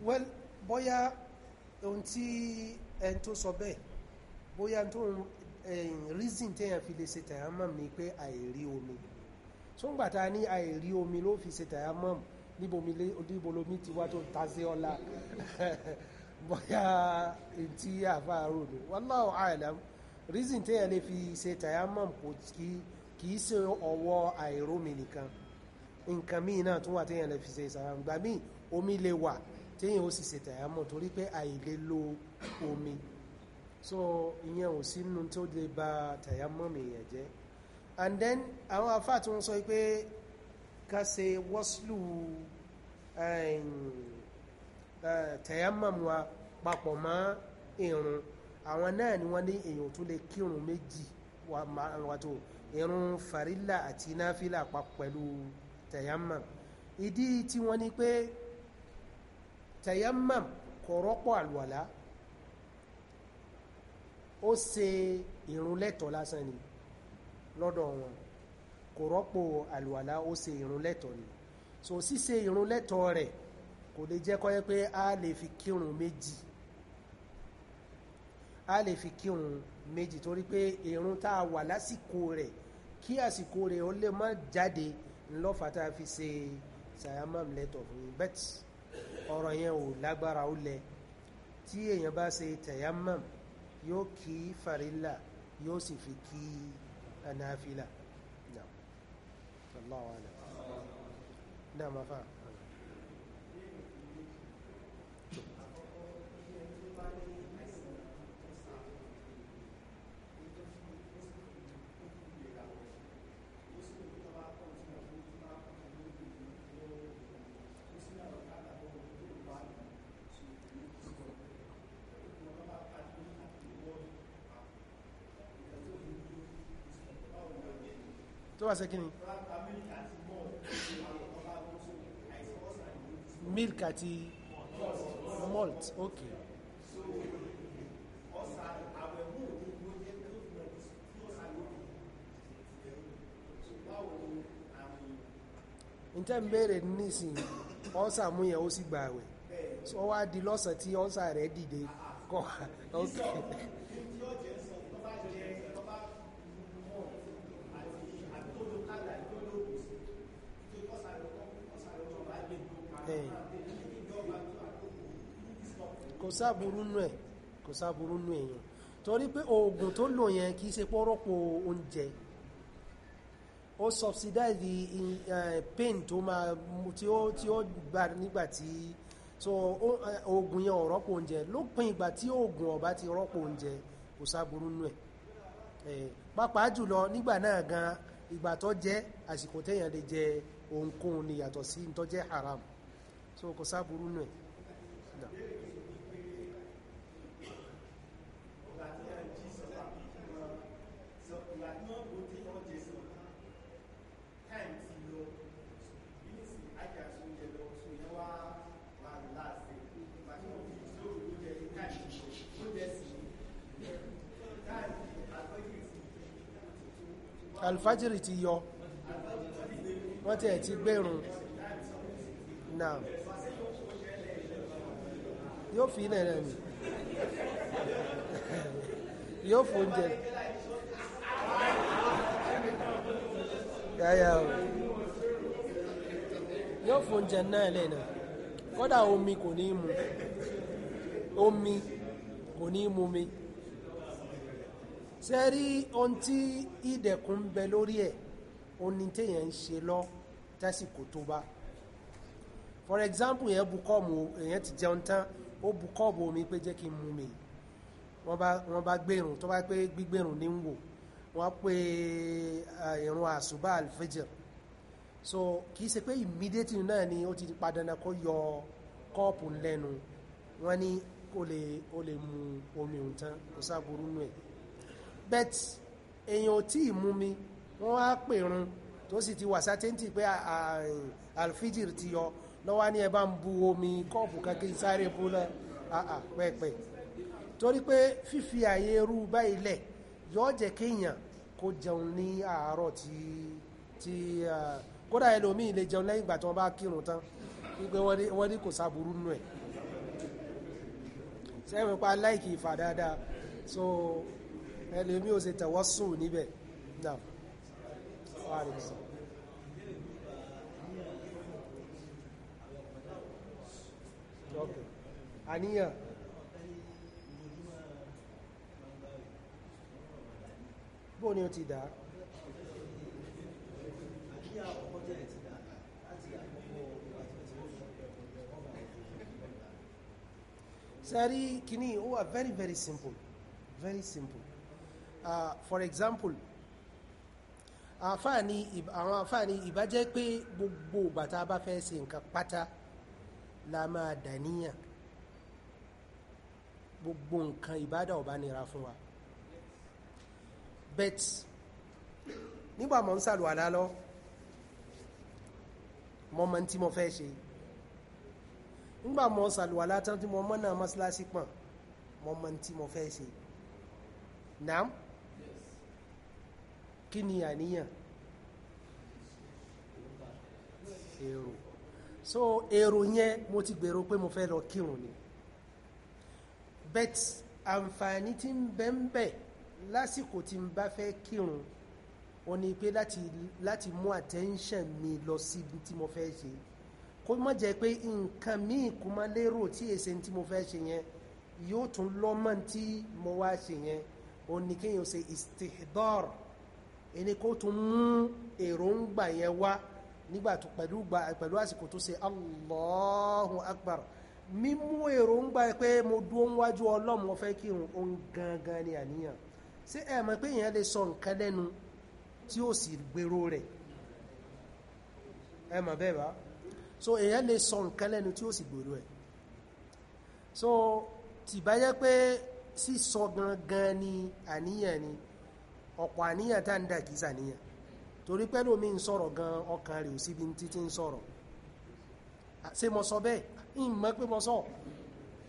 well bóyá ohun tí ẹni tó sọ bẹ́ẹ̀ bóyá tó eh, reason téèyàn fi lè ṣe tàyámọ̀m ni pé àìrí omi tó ń gbàtà ní àìrí omi ló fi ṣe tàyámọ̀m níbo lomi ti wá tó ń tasé ọlá bóyá tí àfáàrò ni wallahu a'lam reason téèyàn lè fi ṣe tàyámọ̀m kò kí kìí ṣe ọwọ́ àìrómi nìkan nǹkan míì náà tún wà téèyàn lè fi ṣe ìsàràǹgbà míì omi lè wà téèyàn ó sì ṣe tàyámọ̀ torí pé àìlè lo omi so ìyẹn ò sínú tó lè ba tàyámọ̀ mèèyàn jẹ́ and then àwọn afá tí wọ́n sọ pé ká ṣe wọ́sùlù tàyámọ̀ wa papọ̀ mọ́ ìrun àwọn náà ni wọ́n ní èèyàn tó lè kírun méjì wàtò ìrun farilla àti náfìlà papọ̀ pẹ̀lú tàyámọ̀ ìdí tí wọ́n ní pé tayammam kò rọ́pò àlùwàlá ó ṣe ìrun lẹ́tọ̀ lásán ni lọ́dọ̀ wọn kò rọ́pò àlùwàlá ó ṣe ìrun ni so ṣíṣe ìrun lẹ́tọ̀ rẹ̀ kò lè jẹ́ kó jẹ́ pé a lè fi kírun méjì a lè fi kírun méjì torí pé ìrun tá a wà lásìkò rẹ̀ kí àsìkò rẹ̀ ó lè má jáde ńlọ́fà tá a fi ṣe sayamam lẹ́tọ̀ fún yín ọ̀rọ̀ yẹn ò lágbára ó lẹ tí èèyàn bá ṣe tayammum yóò kí farilla yóò sì fi kí anáfílà Thank you. tó wà sẹ́kìnì milk àti malt ok n tẹ́ ń béèrè nísìnyí ọ́sà mú yẹn ó sì gbà wẹ̀ ọ wá di lọ́sàn tí ọ́sà rẹ̀ dìde kọ́ ok. kò sáàbùrú nù ẹ̀ kò sáàbùrú nù èèyàn torí pé oògùn tó lò yẹn ṣe pọ́rọ́pọ̀ oúnjẹ ó subsidize pain tó máa tí ó tí ó gbà so oògùn yẹn ò rọ́pò oúnjẹ lópin ìgbà tí oògùn ọ̀bá ti rọ́pò oúnjẹ kò sáàbùrú nù ẹ̀ pàápàá jùlọ nígbà náà gan ìgbà tó jẹ́ àsìkò téèyàn lè jẹ ohunkóhun ni yàtọ̀ sí tó jẹ́ haram so kò nù ẹ̀. Yeah. alfajiri ti yọ wọ́n ti ẹ̀ ti gbẹ̀rùn náà yóò fi ilẹ̀ rẹ̀ mi yóò fún oúnjẹ o yóò fún oúnjẹ náà lẹ́nà kódà omi kò ní mu omi kò ní mu mi ṣe rí ohun tí ìdẹ̀kùn ń bẹ lórí ẹ̀ oní téèyàn ń ṣe lọ tásìkò tó bá for example èèyàn bu kọ́ọ̀mù èèyàn ti jẹun tán ó bu kọ́ọ̀bù omi pé jẹ́ kí n mu mi wọ́n bá gbẹ̀rùn tó bá pé gbígbẹ̀rùn ní ń wò wọ́n pé ìrun àṣùbà alfajr so kìí ṣe pé immediately náà ni ó ti padànà kó yọ kọ́ọ̀pù lẹ́nu wọ́n ní o lè mu omi òun tán kò sáà burú nù ẹ̀ bet èèyàn tí ìmú mi wọ́n á pèrun tó sì ti wà sátẹ́ntì pé ah, ah, alfijir ti yọ lọ́wọ́ ní ẹ bá ń bu omi kọ́ọ̀pù kankan sáré bú lọ ah, pẹ́pẹ́ torí pé fífi àyè irú báyìí lẹ̀ yọ́ jẹ́ kéèyàn kó jẹun ní àárọ̀ tí tí kódà ẹlòmíì lè jẹun lẹ́yìn ìgbà tí wọ́n bá kírun tán wípé wọ́n ní kò sáburú nù ẹ̀ sẹ́yìn pa láìkì ìfà dáadáa so ẹlòmí ò ṣe tawassul níbẹ̀ náà wà ní sọ àníyàn bó ni ó ti dáa sari kini ó wà very very simple very simple Uh, for example àfáàní àwọn àfáàní ìbájẹ́ pé gbogbo bàtà bá fẹ́ ṣe nǹkan pátá la máa dàníyàn gbogbo nǹkan ìbádà ọba nira fún wa bet nígbà mọ̀ ń sàlù àlá lọ mọ́ mọ́ tí mo fẹ́ ṣe nígbà mọ́ sàlù àlá tí mo mọ́ náà mọ́ síláṣí pọ̀n mọ́ mọ́ tí mo fẹ́ ṣe náà kí ni àníyàn èrò so èrò yẹn mo ti gbèrò pé mo fẹ́ lọ kírun ni bet àǹfààní tí ń bẹ ń bẹ lásìkò tí n bá fẹ́ kírun ó ní pé láti láti mú attention mi lọ síbi tí mo fẹ́ ṣe kó má jẹ́ pé nǹkan míì kó má lérò tí èsè tí mo fẹ́ ṣe yẹn yóò tún lọ́mọ tí mo wá ṣe yẹn ó ní kéèyàn ṣe istihdar ẹni kó tún mú èròǹgbà yẹn wá nígbà tó pẹ̀lú pẹ̀lú àsìkò tó ṣe Allahu Akbar mímú èròǹgbà pé mo dúró wájú Ọlọ́run mo fẹ́ kírun òun gangan ni àníyàn ṣé ẹ mọ̀ pé èèyàn lè sọ nǹkan lẹ́nu tí ó sì gbèrò rẹ̀ ẹ bẹ́ẹ̀ bá so èèyàn lè sọ nǹkan lẹ́nu tí ó sì gbèrò ẹ̀ so tìbá jẹ́ pé sísọ gangan ni àníyàn ni. So, ọ̀pọ̀ àníyàn tá ń dà kìí sàníyàn torí pẹ́lú mi ń sọ̀rọ̀ gan ọkàn rẹ̀ ò síbi títí ń sọ̀rọ̀ ṣé mo sọ bẹ́ẹ̀ ń mọ̀ pé mo sọ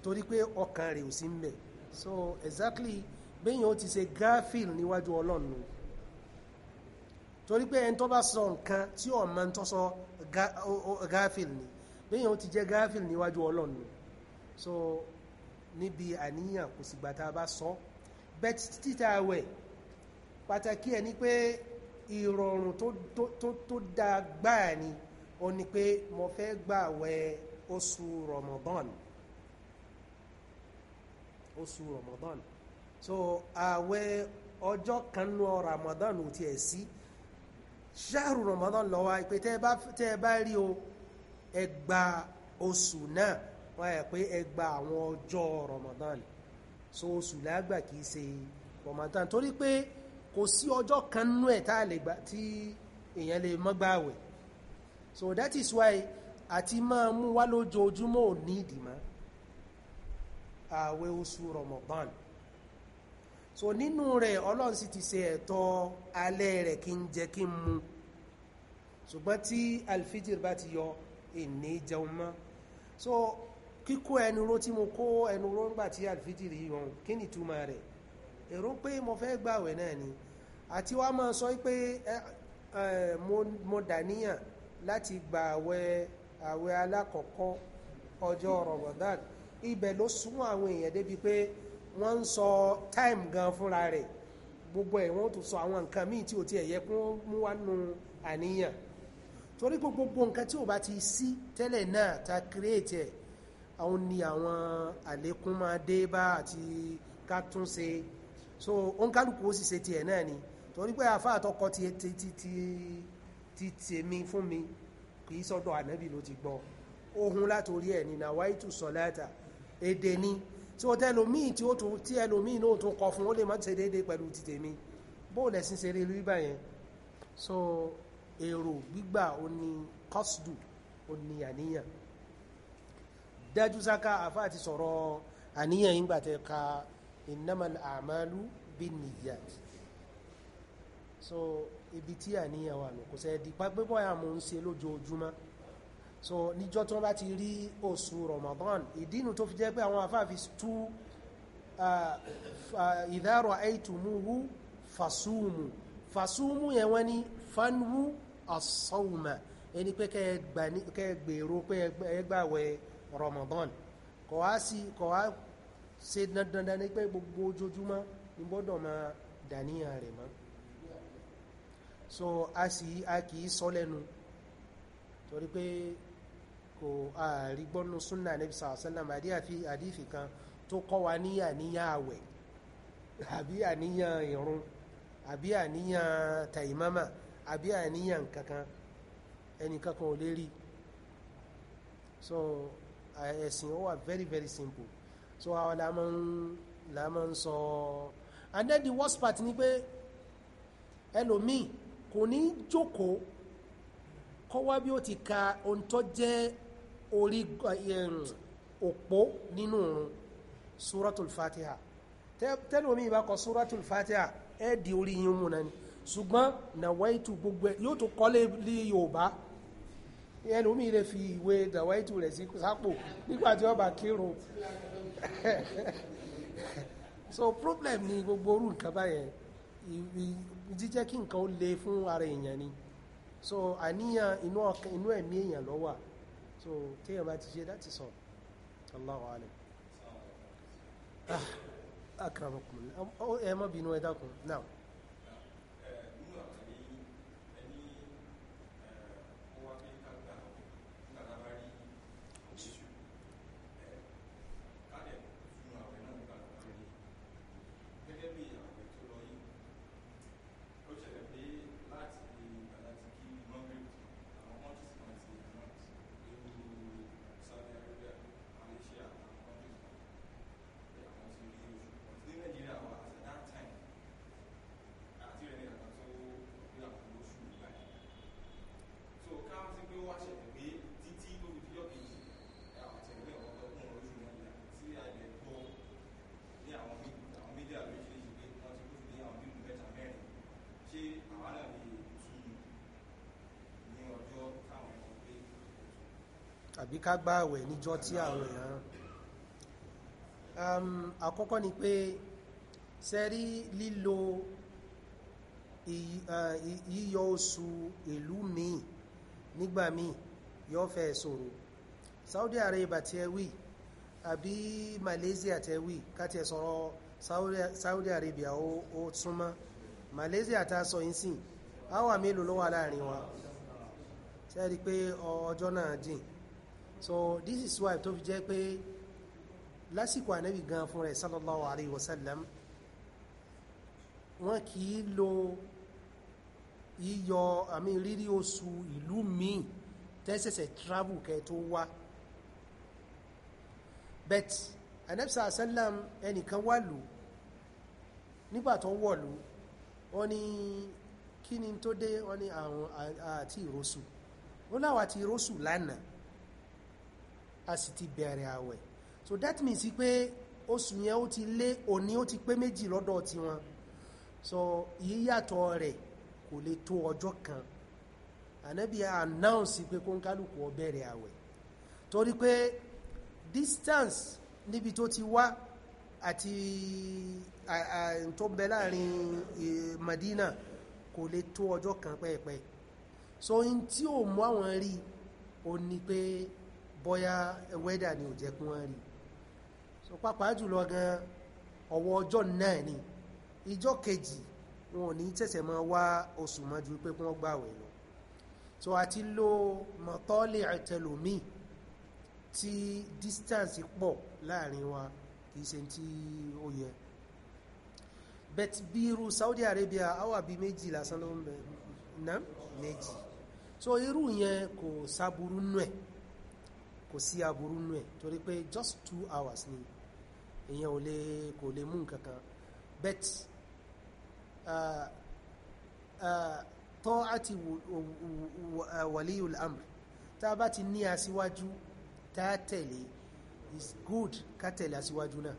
torí pé ọkàn rẹ̀ ò sí ń bẹ̀ so exactly bẹ́yìn ó ti ṣe gáfíl níwájú ọlọ́run torí pé ẹni tó bá sọ nǹkan tí ò mọ̀ tó sọ gáfíl ni bẹ́yìn ó ti jẹ́ gáfíl níwájú ọlọ́run so níbi àníyàn kò sì gbà tá a bá sọ bẹ́ẹ̀ títí tá a wẹ̀ pàtàkì ẹ̀ ni pé ìrọ̀rùn tó dáa gbáà ni ó ní pé mo fẹ́ gbààwẹ̀ oṣù Ramadan oṣù Ramadan so ààwẹ̀ ọjọ́ kan Ramadan ò tiẹ̀ sí ṣáàrù Ramadan lọ́wọ́ pé tẹ́ bá rí o ẹ gba oṣù náà wọ́n yẹ pé ẹ àwọn ọjọ́ Ramadan so oṣù lágbà kìí ṣe Ramadan torí pé kò sí ọjọ́ kan nú ẹ̀ tá tí èèyàn lè má so that is why àti máa mú wá lójoojúmọ́ ò ní ìdìmọ́ ààwẹ̀ oṣù Ramadan so nínú rẹ̀ ọlọ́run sì ti ṣe ẹ̀tọ́ alẹ́ rẹ̀ kí n jẹ kí n mu ṣùgbọ́n tí alfijir bá ti yọ ìní jẹun mọ́ so kíkó ẹnu ró tí mo kó ẹnu ró nígbà tí alfijir yọ kí ni túmọ̀ rẹ̀ èrò pé mo fẹ́ gbàwẹ̀ náà ni àti wá máa sọ pé mo dàníyàn láti gba àwẹ̀ àwẹ̀ alákọ̀ọ́kọ́ ọjọ́ Ramadan ibẹ̀ ló súnmọ́ àwọn èèyàn débi pé wọ́n ń sọ time gan fúnra rẹ̀ gbogbo ẹ̀ wọ́n tún sọ àwọn nǹkan míì tí ò tiẹ̀ yẹ kó mú wá nu àníyàn torí pé gbogbo nǹkan tí ò bá ti sí tẹ́lẹ̀ náà ta kírètì ẹ̀ àwọn ni àwọn àlékún máa dé bá àti ká tún ṣe so ó ń kálukú ó sì ṣe tiẹ̀ náà ni torí pé àfáà tó kọ ti ti ti ti tèmi fún mi kì í sọ́dọ̀ ànábì ló ti gbọ́ ohun látorí ẹ̀ ní nàwáìtù sọ̀láta èdè ni tí ó tẹ́lòmíì tí ó tún tí ẹlòmíì náà tún kọ fún ó lè má ṣe déédé pẹ̀lú ti tèmi bóòlẹ̀ sí ṣe rí rí báyẹn so èrò gbígbà ó ní kọ́sùdù ó ní àníyàn dájú sáká àfáà ti sọ̀rọ̀ àníyàn yìí gbà tẹ́ ka innamal a'malu binniyat so ibi tí àníyàn wà nù kò sẹ́ di pàgbébọ̀ yà ń ṣe lójoojúmọ́ so níjọ́ tó bá ti rí oṣù Ramadan ìdínú tó fi jẹ́ pé àwọn afáàfi tú idha ra'aytumuhu fasumu fasumu yẹn wọ́n ní fanwu as-sawma ẹni pé kẹ́ pé ẹgbàwẹ̀ Ramadan kọ̀ sí kọ̀ ṣe dandandan ní pé gbogbo ojoojúmọ́ ní gbọ́dọ̀ máa dàníyàn rẹ̀ mọ́ so a sì a kì í sọ lẹ́nu torí pé kò ààrí gbọ́nu súnà níbi sàásánàm àdífì kan tó kọ́ wa ní àníyàn àwẹ̀ àbí àníyàn ìrun àbí àníyàn tàìmámà àbí àníyàn kankan ẹnìkankan ò lè rí so ẹ̀sìn ó wà very very simple so àwọn la máa ń sọ and then the worst part ni pé ẹlòmíì kò ní jókòó kọ́ wá bí ó ti ka ohun tó jẹ́ orí eh, òpó nínú òun suratul fatiha tẹ́lómi ìbá kọ suratul fatiha ẹ́ di orí yín mú náà ni ṣùgbọ́n nàwáìtù gbogbo ẹ̀ yóò tó kọ́lé lé yorùbá ẹlòmí rẹ̀ fi ìwé nàwáìtù rẹ̀ sí sápò nígbàtí ó kírun so problem ni gbogbo orú nǹkan báyẹn jíjẹ́ kí nǹkan ó le fún ara èèyàn ni so àníyàn inú ọkàn inú ẹ̀mí èèyàn ló wà so téèyàn bá ti ṣe láti sọ Allahu alim ah, akramakum ẹ má bínú ẹ dákun now. àbí ká gba àwẹ̀ níjọ́ tí àwọn èèyàn ehm, àkọ́kọ́ ni pé sẹ́rí lílo yíyọ oṣù ìlú míì nígbà míì yóò fẹ́ ṣòro Saudi Arabia tí ẹ àbí Malaysia tí ẹ wí káti ẹ sọ̀rọ̀ Saudi Arabia ó súnmọ́ Malaysia tá sọ yín sìn áwà mélòó ló wà láàrin wa ṣe pé ọjọ́ náà jìn so this is why tó fi jẹ́ pé lásìkò ànábì gan fún rẹ̀ sallallahu alayhi wa sallam wọ́n kì í lo yíyọ àmì rírí oṣù ìlú míì tẹ́sẹ̀sẹ̀ travel kẹ tó wá bet ànábì sallam ẹnìkan wà lù nígbà tó wọ̀ lù wọ́n ní kí ni tó dé wọ́n ní àrùn àti ìrosù ó láwà àti ìrosù lánàá a sì ti bẹ̀rẹ̀ àwẹ̀ so that means pé oṣù yẹn ó ti lé òní ó ti pé méjì lọ́dọ̀ tiwọn so yíyàtọ̀ rẹ̀ kò lè tó ọjọ́ kan ànábì announce pé kónkálùkù ó bẹ̀rẹ̀ àwẹ̀ torí pé distance níbi tó ti wá àti tó bẹ láàrin Madina kò lè tó ọjọ́ kan pẹ́ẹ̀pẹ́ so in tí ò mú àwọn rí o ní pé bóyá wẹ́dà ni ò jẹ́ kí wọ́n rí so pàápàá jùlọ gan ọwọ́ ọjọ́ náà ni ìjọ kejì wọn ò ní tẹ̀sẹ̀ máa wá oṣù mọ́jú pé kí wọ́n gbàwẹ̀ lọ so àti lo mọ̀tọ́lẹ̀ ẹ̀tẹ̀lómi tí distance pọ̀ láàrin wa kì í ṣe tí ó yẹ bet bí Saudi Arabia awa bíi méjì lásán ló ń bẹ náà méjì so iru yẹn kò sáburú nù ẹ̀ kò sí aburú nù ẹ̀ torí pé just two hours ni èèyàn ò lè kò lè mú nǹkan uh, bet tọ́ àti wàlíyùl amr tá a bá ti ní aṣíwájú tá a tẹ̀lé is good ká tẹ̀lé aṣíwájú náà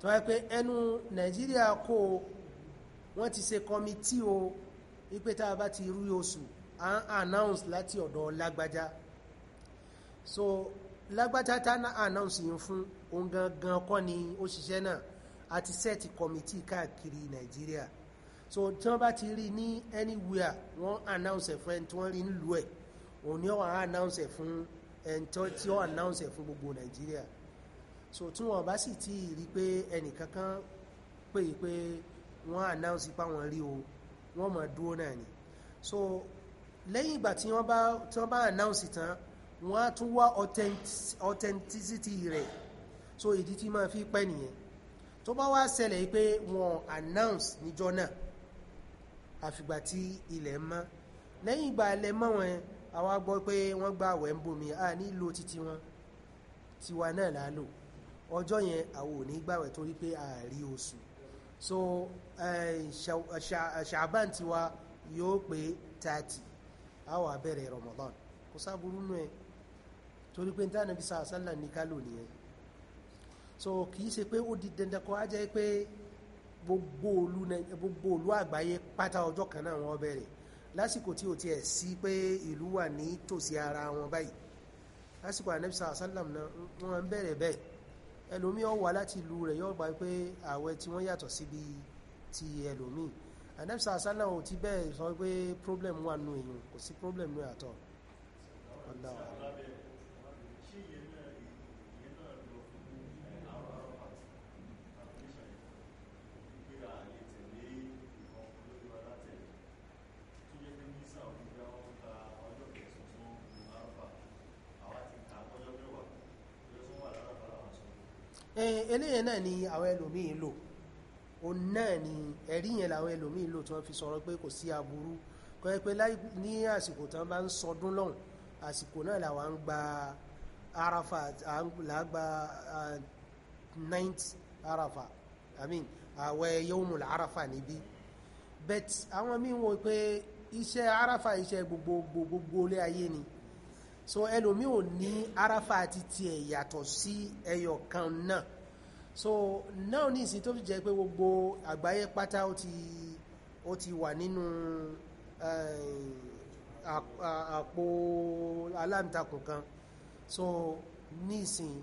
tó wáyé pé ẹnu nàìjíríà kó wọ́n ti ṣe kọmití o wípé tá a bá ti rí oṣù à ń announce láti ọ̀dọ̀ lágbájá so lágbájá tá náà announce yín fún òun gangan kọ́ ni ó ṣiṣẹ́ náà àti set committee káàkiri nàìjíríà so tí wọ́n bá ti rí ní anywhere wọ́n announce ẹ̀ fún ẹni tí wọ́n rí nílùú ẹ̀ òun ni wọ́n announce ẹ̀ fún ẹni tí wọ́n announce ẹ̀ fún gbogbo nàìjíríà so tí wọ́n bá sì ti rí pé ẹnìkankan pé pé wọ́n announce pa wọ́n rí o wọ́n máa dúró náà ni so lẹ́yìn ìgbà tí wọ́n bá announce tán wọ́n a tún wá authenticity rẹ̀ so ìdí tí máa fi pẹ́ nìyẹn tó bá wá ṣẹlẹ̀ pé wọ́n announce níjọ́ náà àfìgbà tí ilẹ̀ mọ́ lẹ́yìn ìgbà ilẹ̀ mọ́ wọn àwa gbọ́ pé wọ́n gba àwẹ̀ ń bomi a nílò títí wọn tiwa náà là á lò ọjọ́ yẹn àwọn ò ní gbàwẹ̀ torí pé ààrí oṣù so ṣàbán tiwa yóò pé 30 a wá bẹ̀rẹ̀ Ramadan kò sáburú nù ẹ̀ torí pé níta nàbí sàásánlá ní kálò nìyẹn so kìí ṣe pé ó di dandan kọ́ á jẹ́ pé gbogbo olú gbogbo olú àgbáyé pátá ọjọ́ kan náà wọ́n bẹ̀rẹ̀ lásìkò tí ò tiẹ̀ sí pé ìlú wà ní tòsí ara wọn báyìí lásìkò ànábì sàásánlá náà wọ́n ń bẹ̀rẹ̀ bẹ́ẹ̀ ẹlòmí ó wá láti ìlú rẹ̀ yóò gbà pé ààwẹ̀ tí wọ́n yàtọ̀ síbi ti ẹlòmíì ànábì sàásánlá ò ti bẹ́ẹ̀ sọ pé problem wà nù èèyàn kò sí problem nù àtọ̀ ọ̀dà wà. eléyẹn náà ni àwọn ẹlòmíì lò o náà ni ẹ̀rí yẹn làwọn ẹlòmíì lò tí wọ́n fi sọ̀rọ̀ pé kò sí aburú kọ́ ẹ pé ní àsìkò tán bá ń sọdún lọ́hùn àsìkò náà làwọn ń gba arafa làgbà ninth arafa i mean àwẹ̀ yóòmù arafa níbí bet àwọn míì wò pé iṣẹ́ arafa iṣẹ́ gbogbo gbogbo ilé ayé ni so ẹlòmí ò ní arafa àti tiẹ̀ yàtọ̀ sí ẹyọ kan náà so náà ní ìsìn tó fi jẹ́ pé gbogbo àgbáyé pátá ó ti wà nínú eh, àpò aláǹtakùn kan so ní ìsìn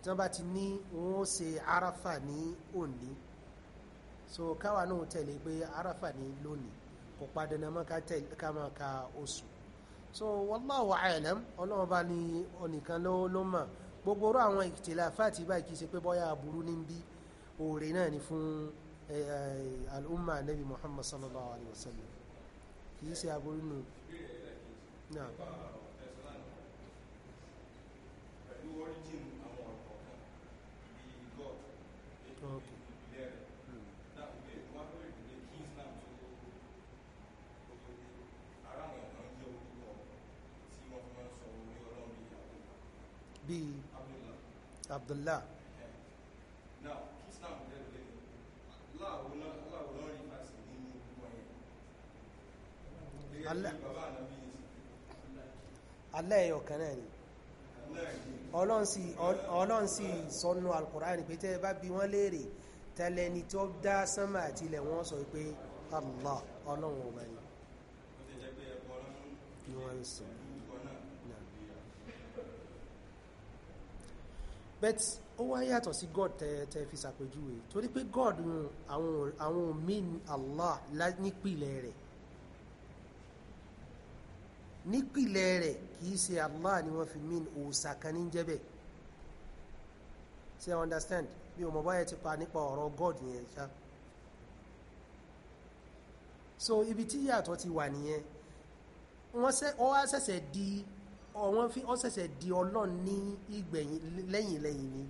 tí wọ́n bá ti ní wọ́n ṣe arafa ní òní so káwa náà tẹ̀lé pé arafa ní lónìí kò padà náà mọ́ ká máa ka oṣù so wallahu a'lam ọlọ́run bá ní ọ̀nìkan ló mọ̀ gbogbo orú àwọn ìtìláfàtì báyìí kìí ṣe pé bọ́yá ní bí ni fún al'umma nabi muhammad sallallahu alaihi wasallam kìí aburú nù náà be Abdullah. Now, kí Islam kò dẹ́rù lẹ́yìn, láàwọ̀ lọ́rọ̀ rí fásitì nínú gbogbo ẹ̀yẹn. Alẹ́ bàbá ànábí yìí sí. Alẹ́ ẹ̀yọ̀ kan náà ni. Ọlọ́run sì sọnù Al-Qur'an pé tẹ́ bá bí wọ́n léèrè tẹ́lẹ̀ ni tó dá sánmà àti ilẹ̀ wọ́n sọ pé Allah ọlọ́run ọba ni. Ó ti jẹ́ pé ẹ̀kọ́ ọlọ́run. Ni wọ́n ń sọ. but ó wá yàtọ̀ sí god tẹ tẹ fi ṣàpèjúwe torí pé god àwọn àwọn míì allah nípìlẹ̀ rẹ̀ nípìlẹ̀ rẹ̀ kìí ṣe allah ni wọ́n fi míì òòṣà kan ní jẹ́bẹ̀ ṣe understand bí o mọ̀ báyẹ̀ ti pa nípa ọ̀rọ̀ god yẹn ṣá so ibi tí yàtọ̀ ti wà nìyẹn wọ́n wá di ọ̀wọ́n fi ọ́ ṣẹ̀ṣẹ̀ di ọlọ́run ní ìgbẹ̀yìn lẹ́yìn lẹ́yìn ni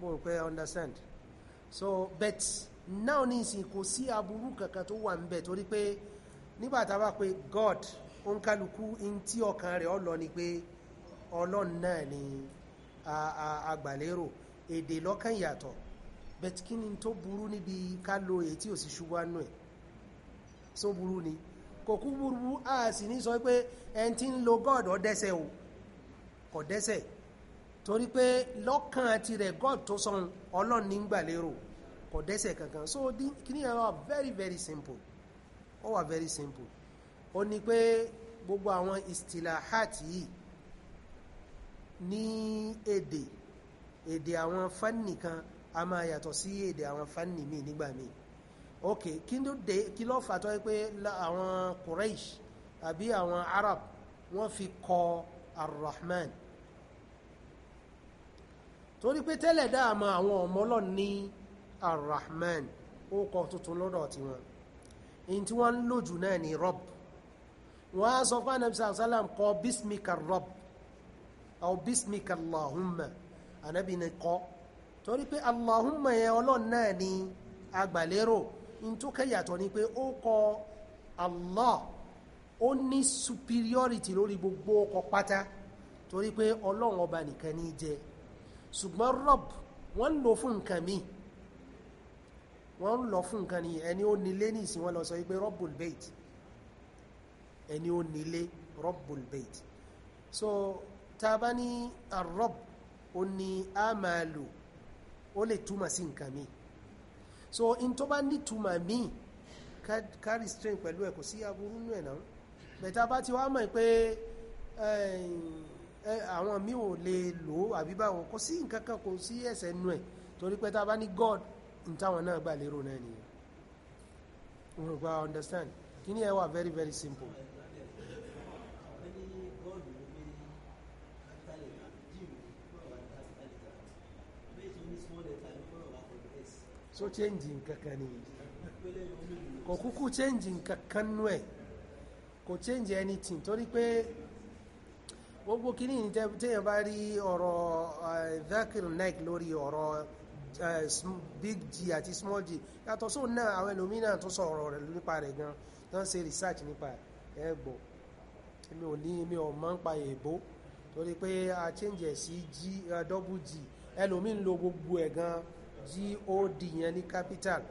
mo rò pé understand so but now ní ìsìn kò sí aburú kankan tó wà ń bẹ̀ torí pé nígbà tá a bá pe God òǹkálukú in tí ọkàn rẹ̀ ọ lọ ni pé ọlọ́run náà ni àgbàlérò èdè lọ́kàn yàtọ̀ bet kí ni tó burú níbi ká lo èyí tí ò sí ṣubú àánú ẹ̀ so burú ni kò kú burú a sì ní sọ pé ẹn tí ń lo god ó dẹ́ṣẹ̀ o kò dẹ́ṣẹ̀ torí pé lọ́kàn tirẹ̀ god tó sọ ọlọ́run ní gbà kò dẹ́ṣẹ̀ kankan so kíní yẹn wà very very simple ó wà very simple ó ní pé gbogbo àwọn istilahati yìí ní èdè èdè àwọn fanni kan a máa yàtọ̀ sí èdè àwọn fanni míì nígbà míì ok kí ló dé kí ló fà tó yẹ pé àwọn Quraysh àbí àwọn Arab wọ́n fi kọ Ar-Rahman torí pé tẹ́lẹ̀ dáàmà àwọn ọmọ ọlọ́run ní Ar-Rahman ó kọ tuntun lọ́dọ̀ tiwọn in tí wọ́n ń lò jù náà ni Rabb wọ́n á sọ fún anabi sàlám kọ bísmìkà Rabb àwọn bísmìkà Allahumma anabi ni kọ torí pé Allahumma yẹn ọlọ́run náà ni agbàlérò in tó kẹ́yàtọ̀ ni pé ó kọ Allah ó ní superiority lórí gbogbo ọkọ̀ pátá torí pé ọlọ́run ọba nìkan ní jẹ ṣùgbọ́n Rabb wọ́n ń lò fún nǹkan míì wọ́n ń lọ fún nǹkan ni ẹni ó nílé ní ìsìn wọn lọ sọ wípé Rabbul Bait ẹni ó nílé Rabbul Bait so tá a bá ní ar-Rabb ó ní àmàlù ó lè túmọ̀ sí nǹkan míì so in tó bá nítumọ̀ míì ká restrain pẹ̀lú ẹ̀ kò sí aburú nù ẹ̀ náà bẹ̀tà bá ti wá mọ̀ pé eh, eh, àwọn míì ò lè lò ó àbí báwọn kò sí nǹkan kan kò sí ẹ̀ṣẹ̀ nù ẹ̀ torí pé tá a bá ní God ní táwọn náà gbà lérò náà nìyẹn. n rò i understand kí ni ẹ wà very very simple. so change nǹkan kan ni kò kúkú change nǹkan kan nú ẹ̀ kò change anything torí pé gbogbo kìíní ní tẹ́yàn bá rí ọ̀rọ̀ Zakir Naik lórí ọ̀rọ̀ eh, big g àti small g yàtọ̀ sóun náà àwọn ẹlòmíràn tó sọ ọ̀rọ̀ rẹ̀ nípa rẹ̀ gan tó ń ṣe research nípa ẹ̀ gbọ́ èmi ò ní èmi ò máa ń pa èèbó torí pé a change ẹ̀ sí g eh, double g ẹlòmíín lo gbogbo ẹ̀ gan god yẹn ní capital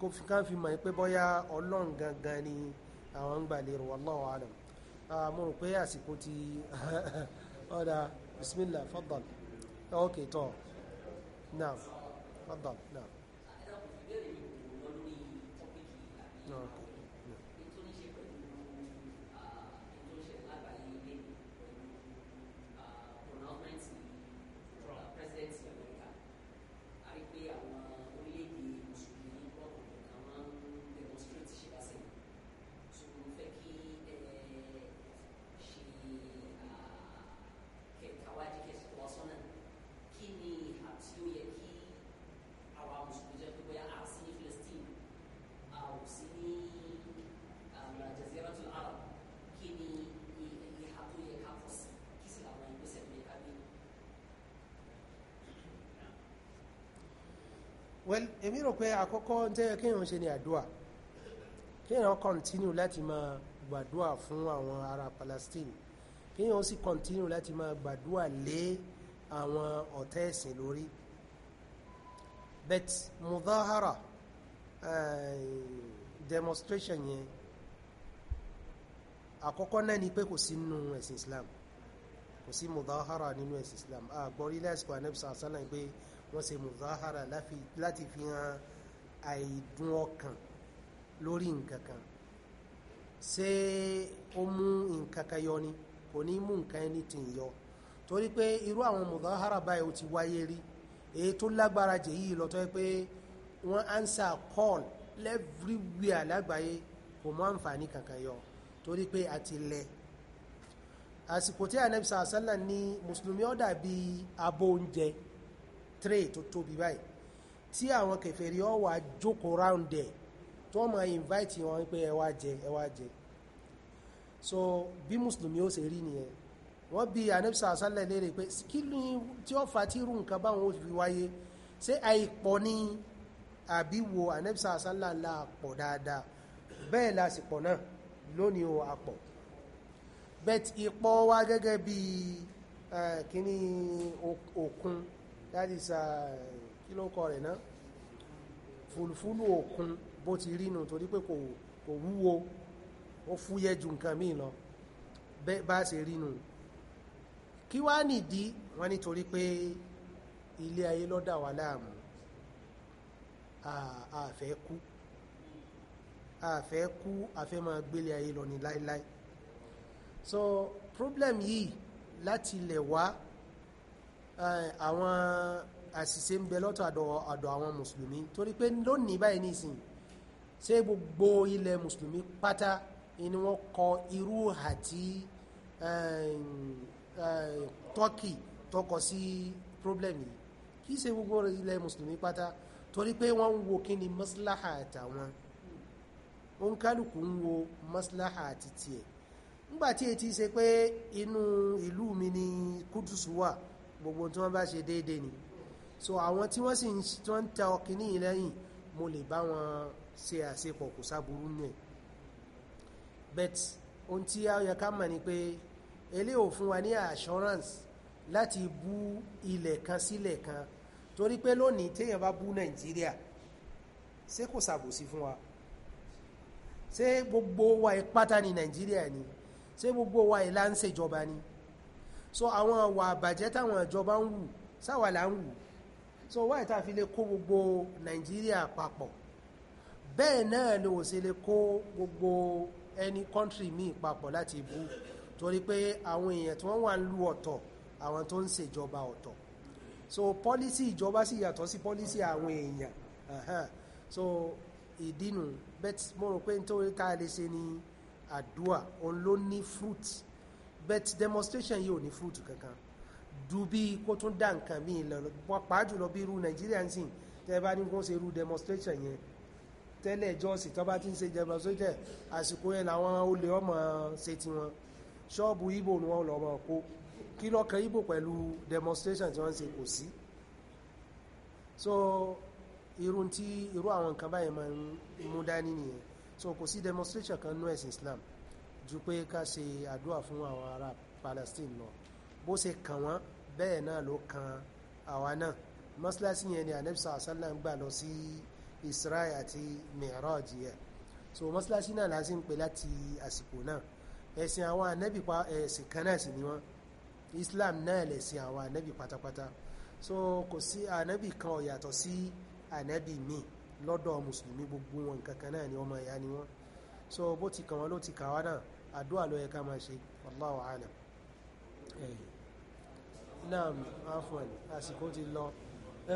kó fi kàn fi mọ̀ pé bọ́yá ọlọ́run gangan ni àwọn ń gbà lérò wallahu alam mo rò pé àsìkò ti ọ̀dà bismillah fadal ok tọ́ naam fadal naam. èmi rò pé àkọ́kọ́ ń tẹ́ kéèyàn ṣe ní àdúà kéèyàn kọ́ntínú láti máa gbàdúà fún àwọn ará Palestine kéèyàn sì kọ́ntínú láti máa gbàdúà lé àwọn ọ̀tá ẹ̀sìn lórí bet mudahara eh, demonstration yẹn àkọ́kọ́ náà ni pé kò sí nínú ẹ̀sìn Islam kò sí mudahara nínú ẹ̀sìn Islam àgbọ̀rí lásìkò anẹ́bùsà sálà pé wọ́n ṣe mùzáhárà láti fi hàn àìdùn ọkàn lórí nǹkan kan ṣé ó mú nǹkan kan yọ ni kò ní mú nǹkan ẹni tì yọ torí pé irú àwọn mùzáhárà báyìí ó ti wáyé rí èyí tó lágbára jẹ yìí lọ́tọ̀ pé wọ́n answer call everywhere lágbàáyé kò mú àǹfààní kankan yọ torí pé a ti lẹ àsìkò tí ànẹ́bísà sálà ní mùsùlùmí ó dà bí tre tó tóbi báyìí tí àwọn kèfèrí ọ wà jókòó round ẹ̀ tó máa invite wọn pé ẹ jẹ ẹ jẹ so bí mùsùlùmí ó ṣe rí nìyẹn wọ́n bi anabisa asálẹ̀ léèrè pé kí ni tí ó fa tí irú nǹkan báwọn ó fi wáyé ṣé àìpọ̀ ni àbí wo anabisa asálẹ̀ la pọ̀ dáadáa bẹ́ẹ̀ la sì pọ̀ náà lónìí o àpọ̀ bet ìpọ̀ wa gẹ́gẹ́ bí eh, kíní òkun that is uh, kí ló kọ rẹ̀ náà fùlùfúlù òkun bó ti rínu torí pé kò wúwo ó fúyẹ́ ju nǹkan míì lọ bá ṣe rínu kí wá nìdí wọn nítorí pé ilé ayé ló dà wá láàmú àfẹ́ kú àfẹ́ kú àfẹ́ máa gbélé ayé lọ ní láíláí so problem yìí láti lè wá Eh, àwọn àṣìṣe ń bẹ lọ́tọ̀ àdọ̀ àwọn mùsùlùmí torí pé lónìí báyìí nìsín ṣé gbogbo ilẹ̀ mùsùlùmí pátá ni wọ́n kọ irú àti tọ́kì tọkọ sí problem yìí kì í ṣe gbogbo ilẹ̀ mùsùlùmí pátá torí pé wọ́n ń wo kí ni maslaha àtàwọn òun kálukú ń wo maslaha àti tiẹ̀ nígbàtí èyí ṣe pé inú ìlú mi ni kúdùsù wà gbogbo tí wọ́n bá ṣe déédéé ni so àwọn tí wọ́n sì ń ta ọkìní lẹ́yìn mo lè bá wọn ṣe àṣepọ̀ kò sáburú nù ẹ̀ bet ohun tí a yẹ ká mọ̀ ni pé eléyìí ò fún wa ní assurance láti bú ilẹ̀ kan sílẹ̀ kan torí pé lónìí téèyàn bá bú nàìjíríà ṣé kò ṣàbòsí fún wa ṣé gbogbo wa ìpátá ni nàìjíríà ni ṣé gbogbo wa ìlà ń ni so àwọn àwà àbàjẹ́ táwọn ìjọba ń wù sáwà là ń wù so wáyé tá a fi lè kó gbogbo nàìjíríà papọ̀ bẹ́ẹ̀ náà ni ò ṣe lè kó gbogbo ẹni kọ́ńtì míì papọ̀ láti ibú torí pé àwọn èèyàn tí wọ́n wà ń lu ọ̀tọ̀ àwọn tó ń ṣèjọba ọ̀tọ̀ so pọ́lísì ìjọba sì yàtọ̀ sí pọ́lísì àwọn èèyàn so ìdínú bẹ́ẹ̀ mo rò pé nítorí tá a lè ṣe ni àdúà òun ló ní fruit but demonstration yìí ò ní fruit kankan du bí kó tún dá nǹkan míì lọ pàápàá jùlọ bí irú nàìjíríà ń sìn tẹ́ bá ní kó ṣe irú demonstration yẹn tẹ́lẹ̀ jọ́sìn tó bá ti ń ṣe demonstration àsìkò yẹn làwọn olè ọmọ ṣe tiwọn ṣọ́ọ̀bù ibo ni wọ́n lọ ọmọ kó kí lọ́kàn ibo pẹ̀lú demonstration tí wọ́n ń ṣe kò sí so irú tí irú àwọn nǹkan báyìí máa ń mú dání nìyẹn so kò sí demonstration kan nú ẹ̀sìn Islam ju pé ká ṣe àdúrà fún àwọn ará Palestine lọ bó ṣe kàn wọ́n bẹ́ẹ̀ náà ló kan àwa náà mọ́ṣáláṣí yẹn ni anabi sàlá sàlá ń gbà lọ sí Israel àti Mi'raj yẹn so mọ́ṣáláṣí náà la sì ń pè láti àsìkò náà ẹ̀sìn àwọn anabi pa ẹ̀sìn kan náà sì ni wọ́n Islam náà lẹ̀sìn àwọn anabi pátápátá so kò sí anabi kan ò yàtọ̀ sí anabi míì lọ́dọ̀ mùsùlùmí gbogbo wọn nǹkan náà ni ọmọ ìyá ni wọ́n so bó ti kàn wọ́n ló ti kàn wá náà àdúrà ló yẹ ká máa ṣe wallahu alam naam afwan àsìkò ti lọ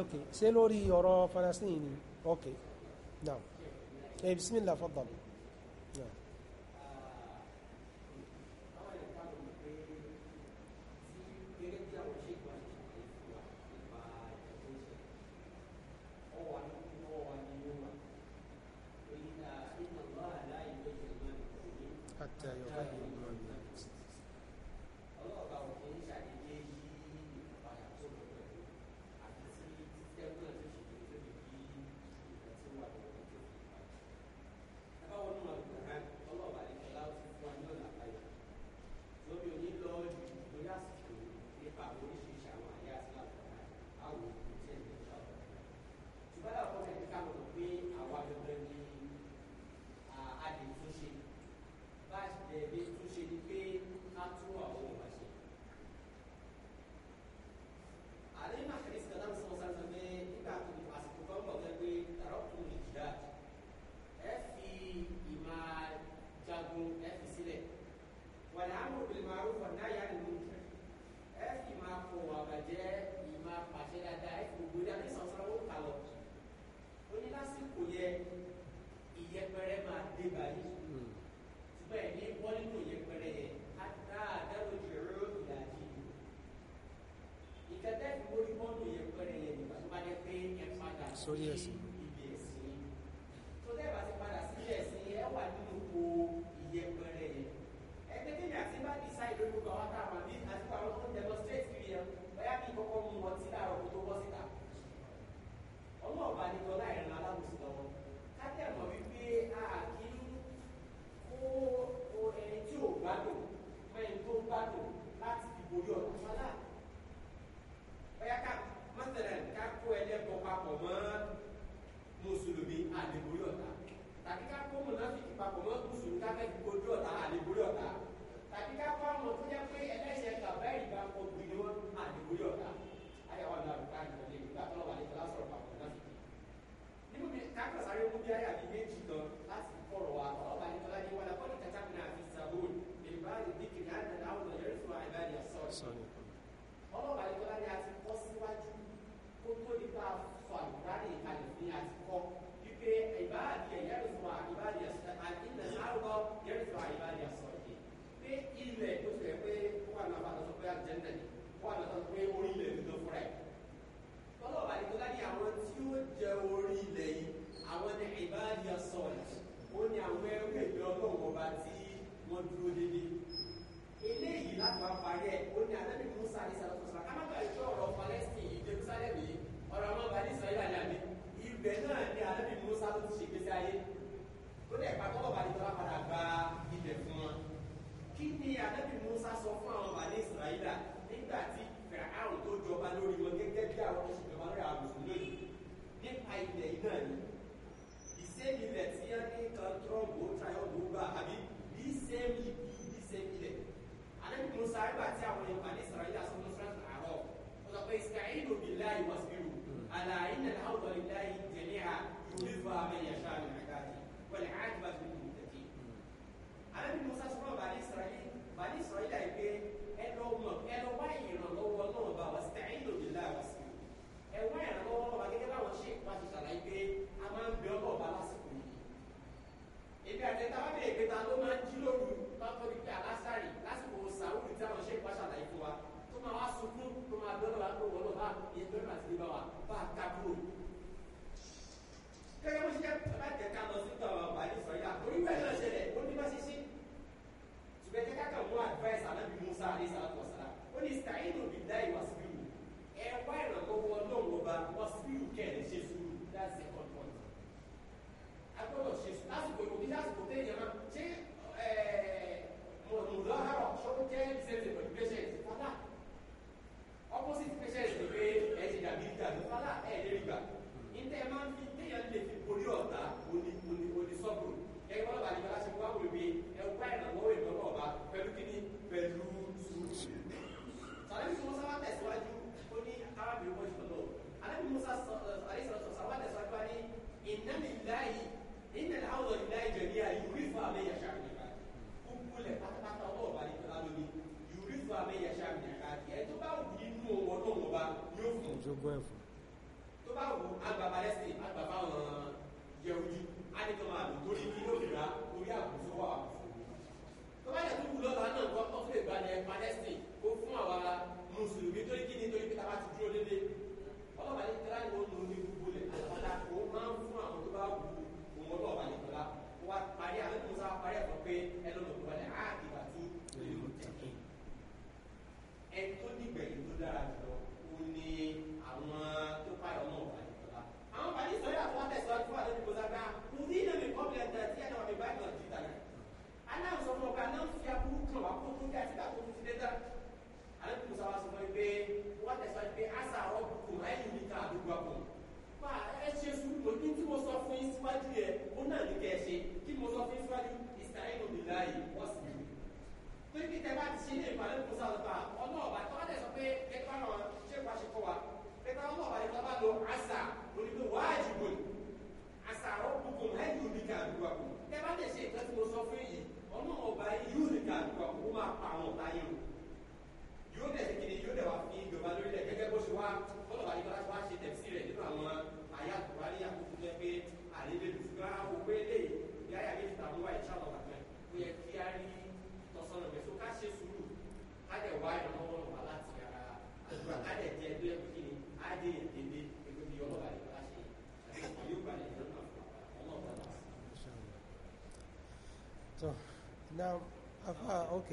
ok ṣé lórí ọ̀rọ̀ Palestine ni ok naam eh bismillah faddal Tony Vasil. together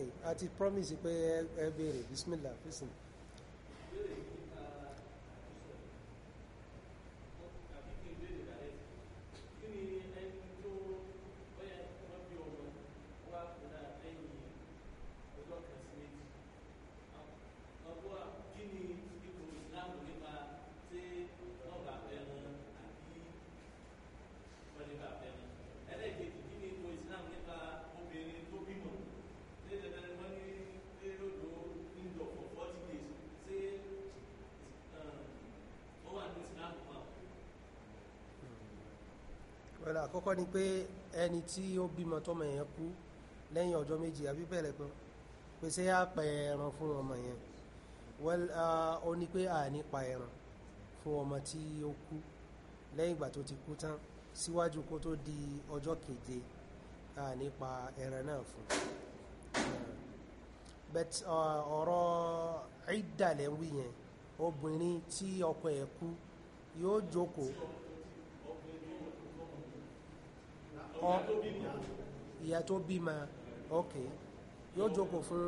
okay àti promise pé ẹ béèrè bismillah listen. àkọ́kọ́ ni pé ẹni tí ó bímọ tọ́mọ yẹn kú lẹ́yìn ọjọ́ méjì àbí bẹ̀rẹ̀ pé pèsè á pa ẹran fún ọmọ yẹn wọ́n ó ní pé a pa ẹran fún ọmọ tí ó kú lẹ́yìn ìgbà tó ti kú tán síwájú kó tó di ọjọ́ keje a ní pa ẹran náà fún but ọ̀rọ̀ ìdàlẹ̀ wí yẹn obìnrin tí ọkọ ẹ̀ kú yóò jókòó ìyá tó bímọ ok yóò jókòó fún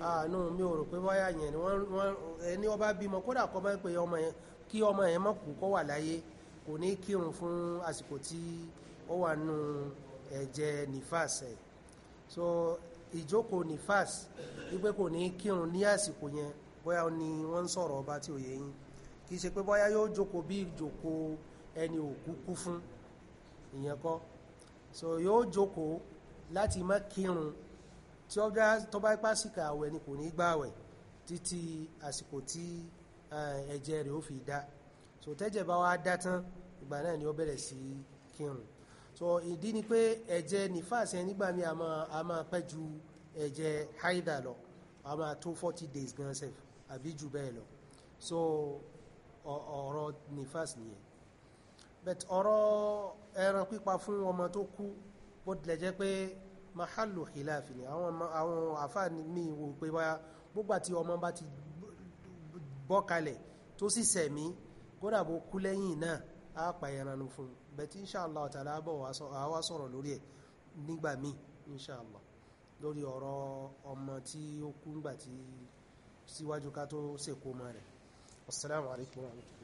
àánú mi ò rò pé bóyá yẹn ni wọ́n ẹni ó bá bímọ kódà kọ́ máa ń pe ọmọ yẹn kí ọmọ yẹn má kú kó wà láyé kò ní kírun fún àsìkò tí ó wà nù ẹ̀jẹ̀ nifas ẹ̀ so ìjókòó nifas wípé kò ní kírun ní àsìkò yẹn bóyá ni wọ́n ń sọ̀rọ̀ ọba tí ò yẹ yín kì í ṣe pé bóyá yóò jókòó bí ìjókòó ẹni òkú kú fún ìyẹn kọ́ so yóò jókòó láti má kírun tí ọgá tó bá pàṣíkà àwẹ̀ ni kò ní gbààwẹ̀ títí àsìkò tí ẹ̀jẹ̀ rẹ̀ ó fi dá so tẹ́jẹ̀ bá wá dá tán ìgbà náà ni ó bẹ̀rẹ̀ sí kírun so ìdí ni pé ẹ̀jẹ̀ nífàsì nígbà míì a máa pẹ́ ju ẹ̀jẹ̀ haida lọ a máa tó forty days gan sef àbí jù bẹ́ẹ̀ lọ so ọ̀rọ̀ nífàsì nìyẹn bẹ̀t ọ̀rọ̀ ẹran pípa fún ọmọ tó kú bó tilẹ̀ jẹ́ pé mahalu hilafi ni àwọn àfáàní mi wò pé wáyà gbogbo àti ọmọ bá ti bọ́ kalẹ̀ tó sì sẹ̀mí kódà bó kú lẹ́yìn náà á pa ẹran fún bẹ̀t inṣàlá ọ̀tàlá bọ̀ àwa sọ̀rọ̀ lórí ẹ̀ nígbà míì inṣàlá lórí ọ̀rọ̀ ọmọ tí ó kú ńgbà tí síwájú ká tó ṣèkómọ rẹ̀ assalamu alaikum